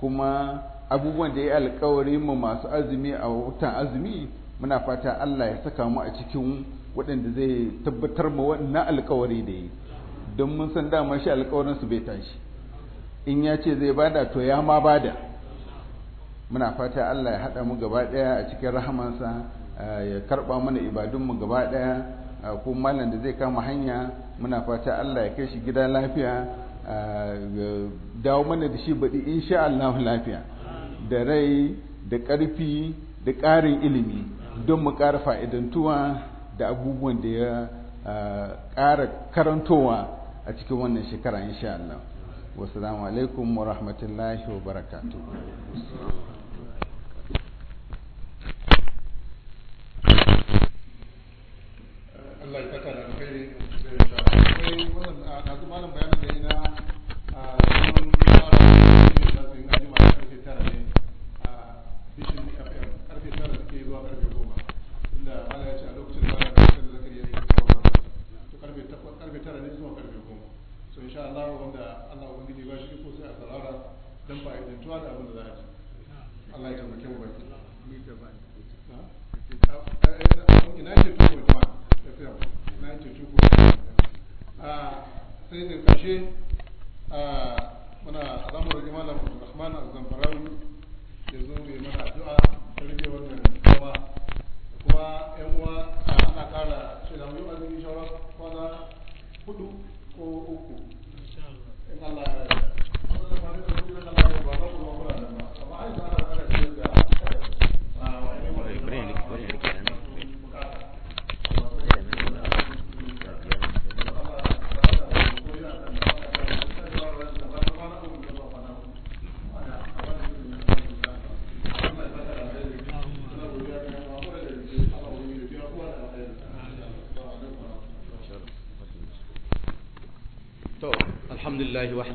kuma abubuwan da ya alkawari mu masu azumi a wutan azumi muna fata Allah ya saka mu a cikin waɗanda zai tabbatar mu wannan alkawari da yi don mun san dama shi alkawarin su bai tashi in ya ce zai bada to ya ma bada muna fata Allah ya haɗa mu gaba ɗaya a cikin rahamansa ya karɓa mana ibadunmu gaba ɗaya ko malam da zai kama hanya muna fata Allah ya kai shi gida lafiya dawo mana da shi baɗi insha Allah lafiya da rai da ƙarfi da ƙarin ilimi don mu ƙara fa'idantuwa da abubuwan da ya ƙara karantowa a cikin wannan shekara insha Allah wasu alaikum wa rahmatullahi wa barakatu. Allah ya saka da alkhairi akwai eh, wannan ah, a zuwa malam bayanin da ina a ah, zaman fara da tara ne a ah, karfe tara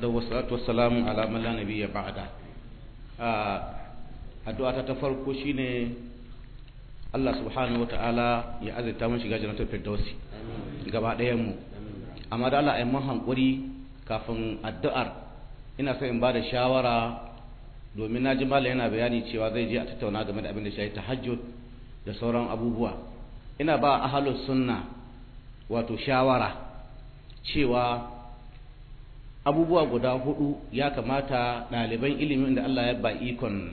da والصلاة والسلام على من لا نبي بعده addu'a ta farko shine Allah subhanahu wata'ala ya azurta mun shiga jannatul firdausi gaba ɗayan mu amma da Allah mun hankuri kafin addu'ar ina so in ba da shawara domin na ji yana bayani cewa zai je a tattauna game da abin da shi tahajjud da sauran abubuwa ina ba ahlus sunna wato shawara cewa abubuwa guda hudu ya kamata ɗaliban ilimi da Allah ya ba ikon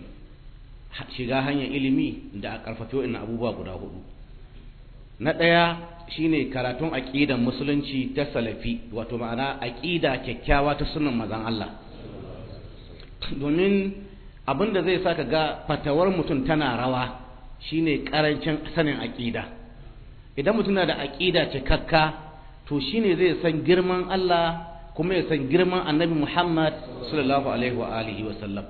shiga hanyar ilimi da a ƙarfafi wa'in abubuwa guda hudu na ɗaya shine karatun aƙidan musulunci ta salafi wato ma'ana aƙida kyakkyawa ta sunan mazan Allah domin abin da zai sa ka ga fatawar mutum tana rawa shine ƙarancin sanin aƙida idan mutum na da aƙida cikakka to shine zai san girman Allah kuma ya san girman annabi Muhammad sallallahu alaihi wa alihi wa sallam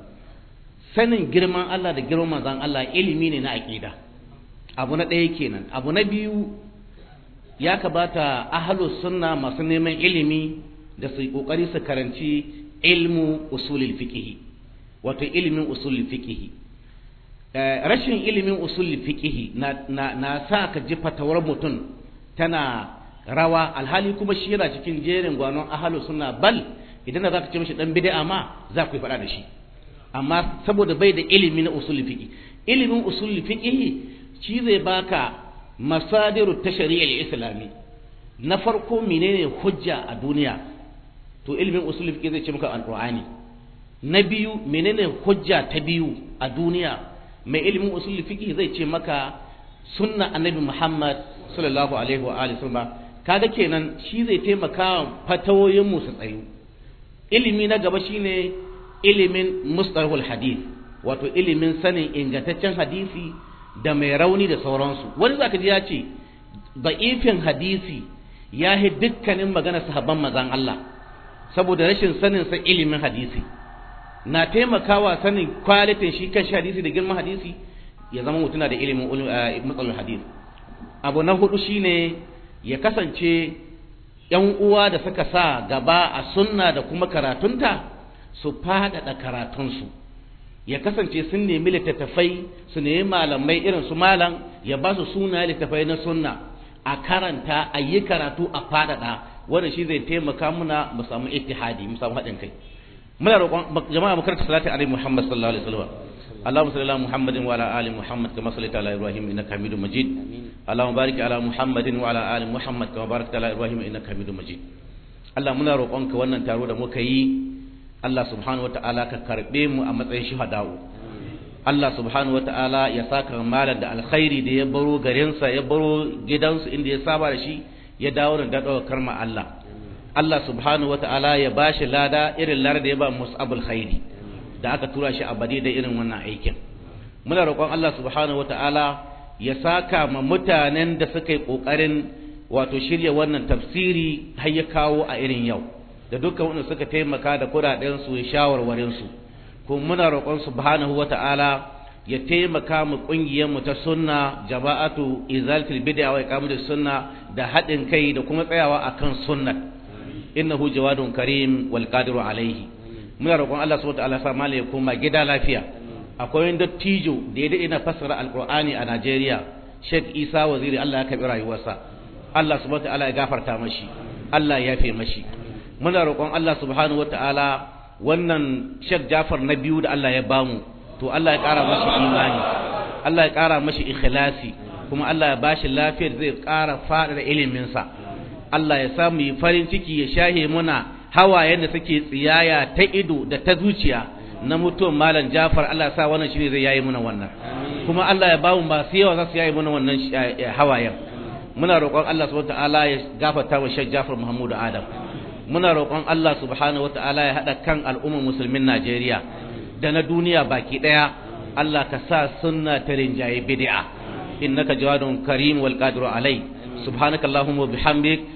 sanin girman Allah da girman manzon Allah ilimi ne na aqida abu na ɗaya kenan abu na biyu ya kabata ahlus sunna masu neman ilimi da su kokari su karanci ilmu usulul fiqh wato ilimin usulul fiqh eh, rashin ilimin usulul fiqh na na sa ka ji fatawar mutum tana rawa alhali kuma shi yana cikin jerin gwanon ahalu suna bal idan da ka ce mishi dan bid'a ma za ku yi faɗa da shi amma saboda bai da ilimi na usul fiqi ilimin usul fiqi shi zai baka masadiru ta shari'ar islami na farko menene hujja a duniya to ilimin usul fiqi zai ce maka alqur'ani na biyu menene hujja ta biyu a duniya mai ilimin usul fiqi zai ce maka sunna annabi muhammad sallallahu alaihi wa alihi wasallam kaga kenan shi zai taimaka fatawoyin mu su tsayu ilimi na gaba shine ilimin mustalahul hadith wato ilimin sanin ingantaccen hadisi da mai rauni da sauransu wani zaka ji ya ce da'ifin hadisi ya yi dukkanin magana sahabban mazan Allah saboda rashin sanin sa ilimin hadisi na taimakawa sanin kwalitin shi kan hadisi da girman hadisi ya zama mutuna da ilimin uh, matsalar hadisi abu na hudu shine ya kasance ‘yan uwa da suka sa gaba a sunna da kuma karatunta su faɗaɗa karatunsu ya kasance sun nemi littattafai su nemi malamai irin su malam ya ba su suna littattafai na sunna a karanta a yi karatu a faɗaɗa wannan shi zai taimaka muna mu samu ittihadi mu samu haɗin kai muna roƙon jama'a mu karanta salatin alaihi muhammad sallallahu alaihi wasallam اللهم صل على محمد وعلى ال محمد كما صليت على ابراهيم انك حميد مجيد اللهم بارك على محمد وعلى ال محمد كما باركت على ابراهيم انك حميد مجيد Allah muna roƙonka wannan taro da muka yi Allah subhanahu wata'ala ka karbe mu a matsayin shuhada'u Allah subhanahu wata'ala ya saka malar da alkhairi da ya baro garinsa ya baro gidansu inda ya saba da shi ya dawo da daɗawa karma Allah Allah subhanahu wata'ala ya bashi lada irin lada da ya ba abul khairi da aka tura shi a bade da irin wannan aikin muna roƙon Allah subhanahu wataala ya saka ma mutanen da suka yi ƙoƙarin wato shirya wannan tafsiri har ya kawo a irin yau da dukkan wanda suka taimaka da kuɗaɗensu da shawarwarinsu kuma muna roƙon subhanahu wataala ya taimaka mu ƙungiyar mu ta sunna jama'atu izalatul bid'a wa sunna da haɗin kai da kuma tsayawa akan sunnat innahu jawadun karim wal qadiru alaihi muna roƙon Allah subhanahu wataala sa mala ya koma gida lafiya akwai wani dattijo da ya daɗe na fassara alƙur'ani a Najeriya Sheikh Isa Waziri Allah ya karɓi rayuwarsa Allah subhanahu ta'ala ya gafarta mashi Allah ya yafe mashi muna roƙon Allah subhanahu ta'ala wannan Sheikh Jafar na biyu da Allah ya bamu to Allah ya ƙara mashi imani Allah ya ƙara mashi ikhlasi kuma Allah ya bashi lafiyar zai ƙara faɗaɗa iliminsa Allah ya samu yi farin ciki ya shahe muna hawayen da suke tsiyaya ta ido da ta zuciya na mutuwan malam Jafar Allah sa wannan ne zai yayi muna wannan kuma Allah ya bamu masu yawa za su yayi muna wannan eh, eh, hawayen muna roƙon Allah subhanahu wataala ya gafarta wa Sheikh Jafar Muhammad Adam muna roƙon Allah subhanahu wataala ya hada kan al'ummar musulmin Najeriya da na duniya baki daya Allah ka sa sunna ta rinjaye bid'a innaka jawadun karim wal qadiru alai subhanakallahumma wa bihamdika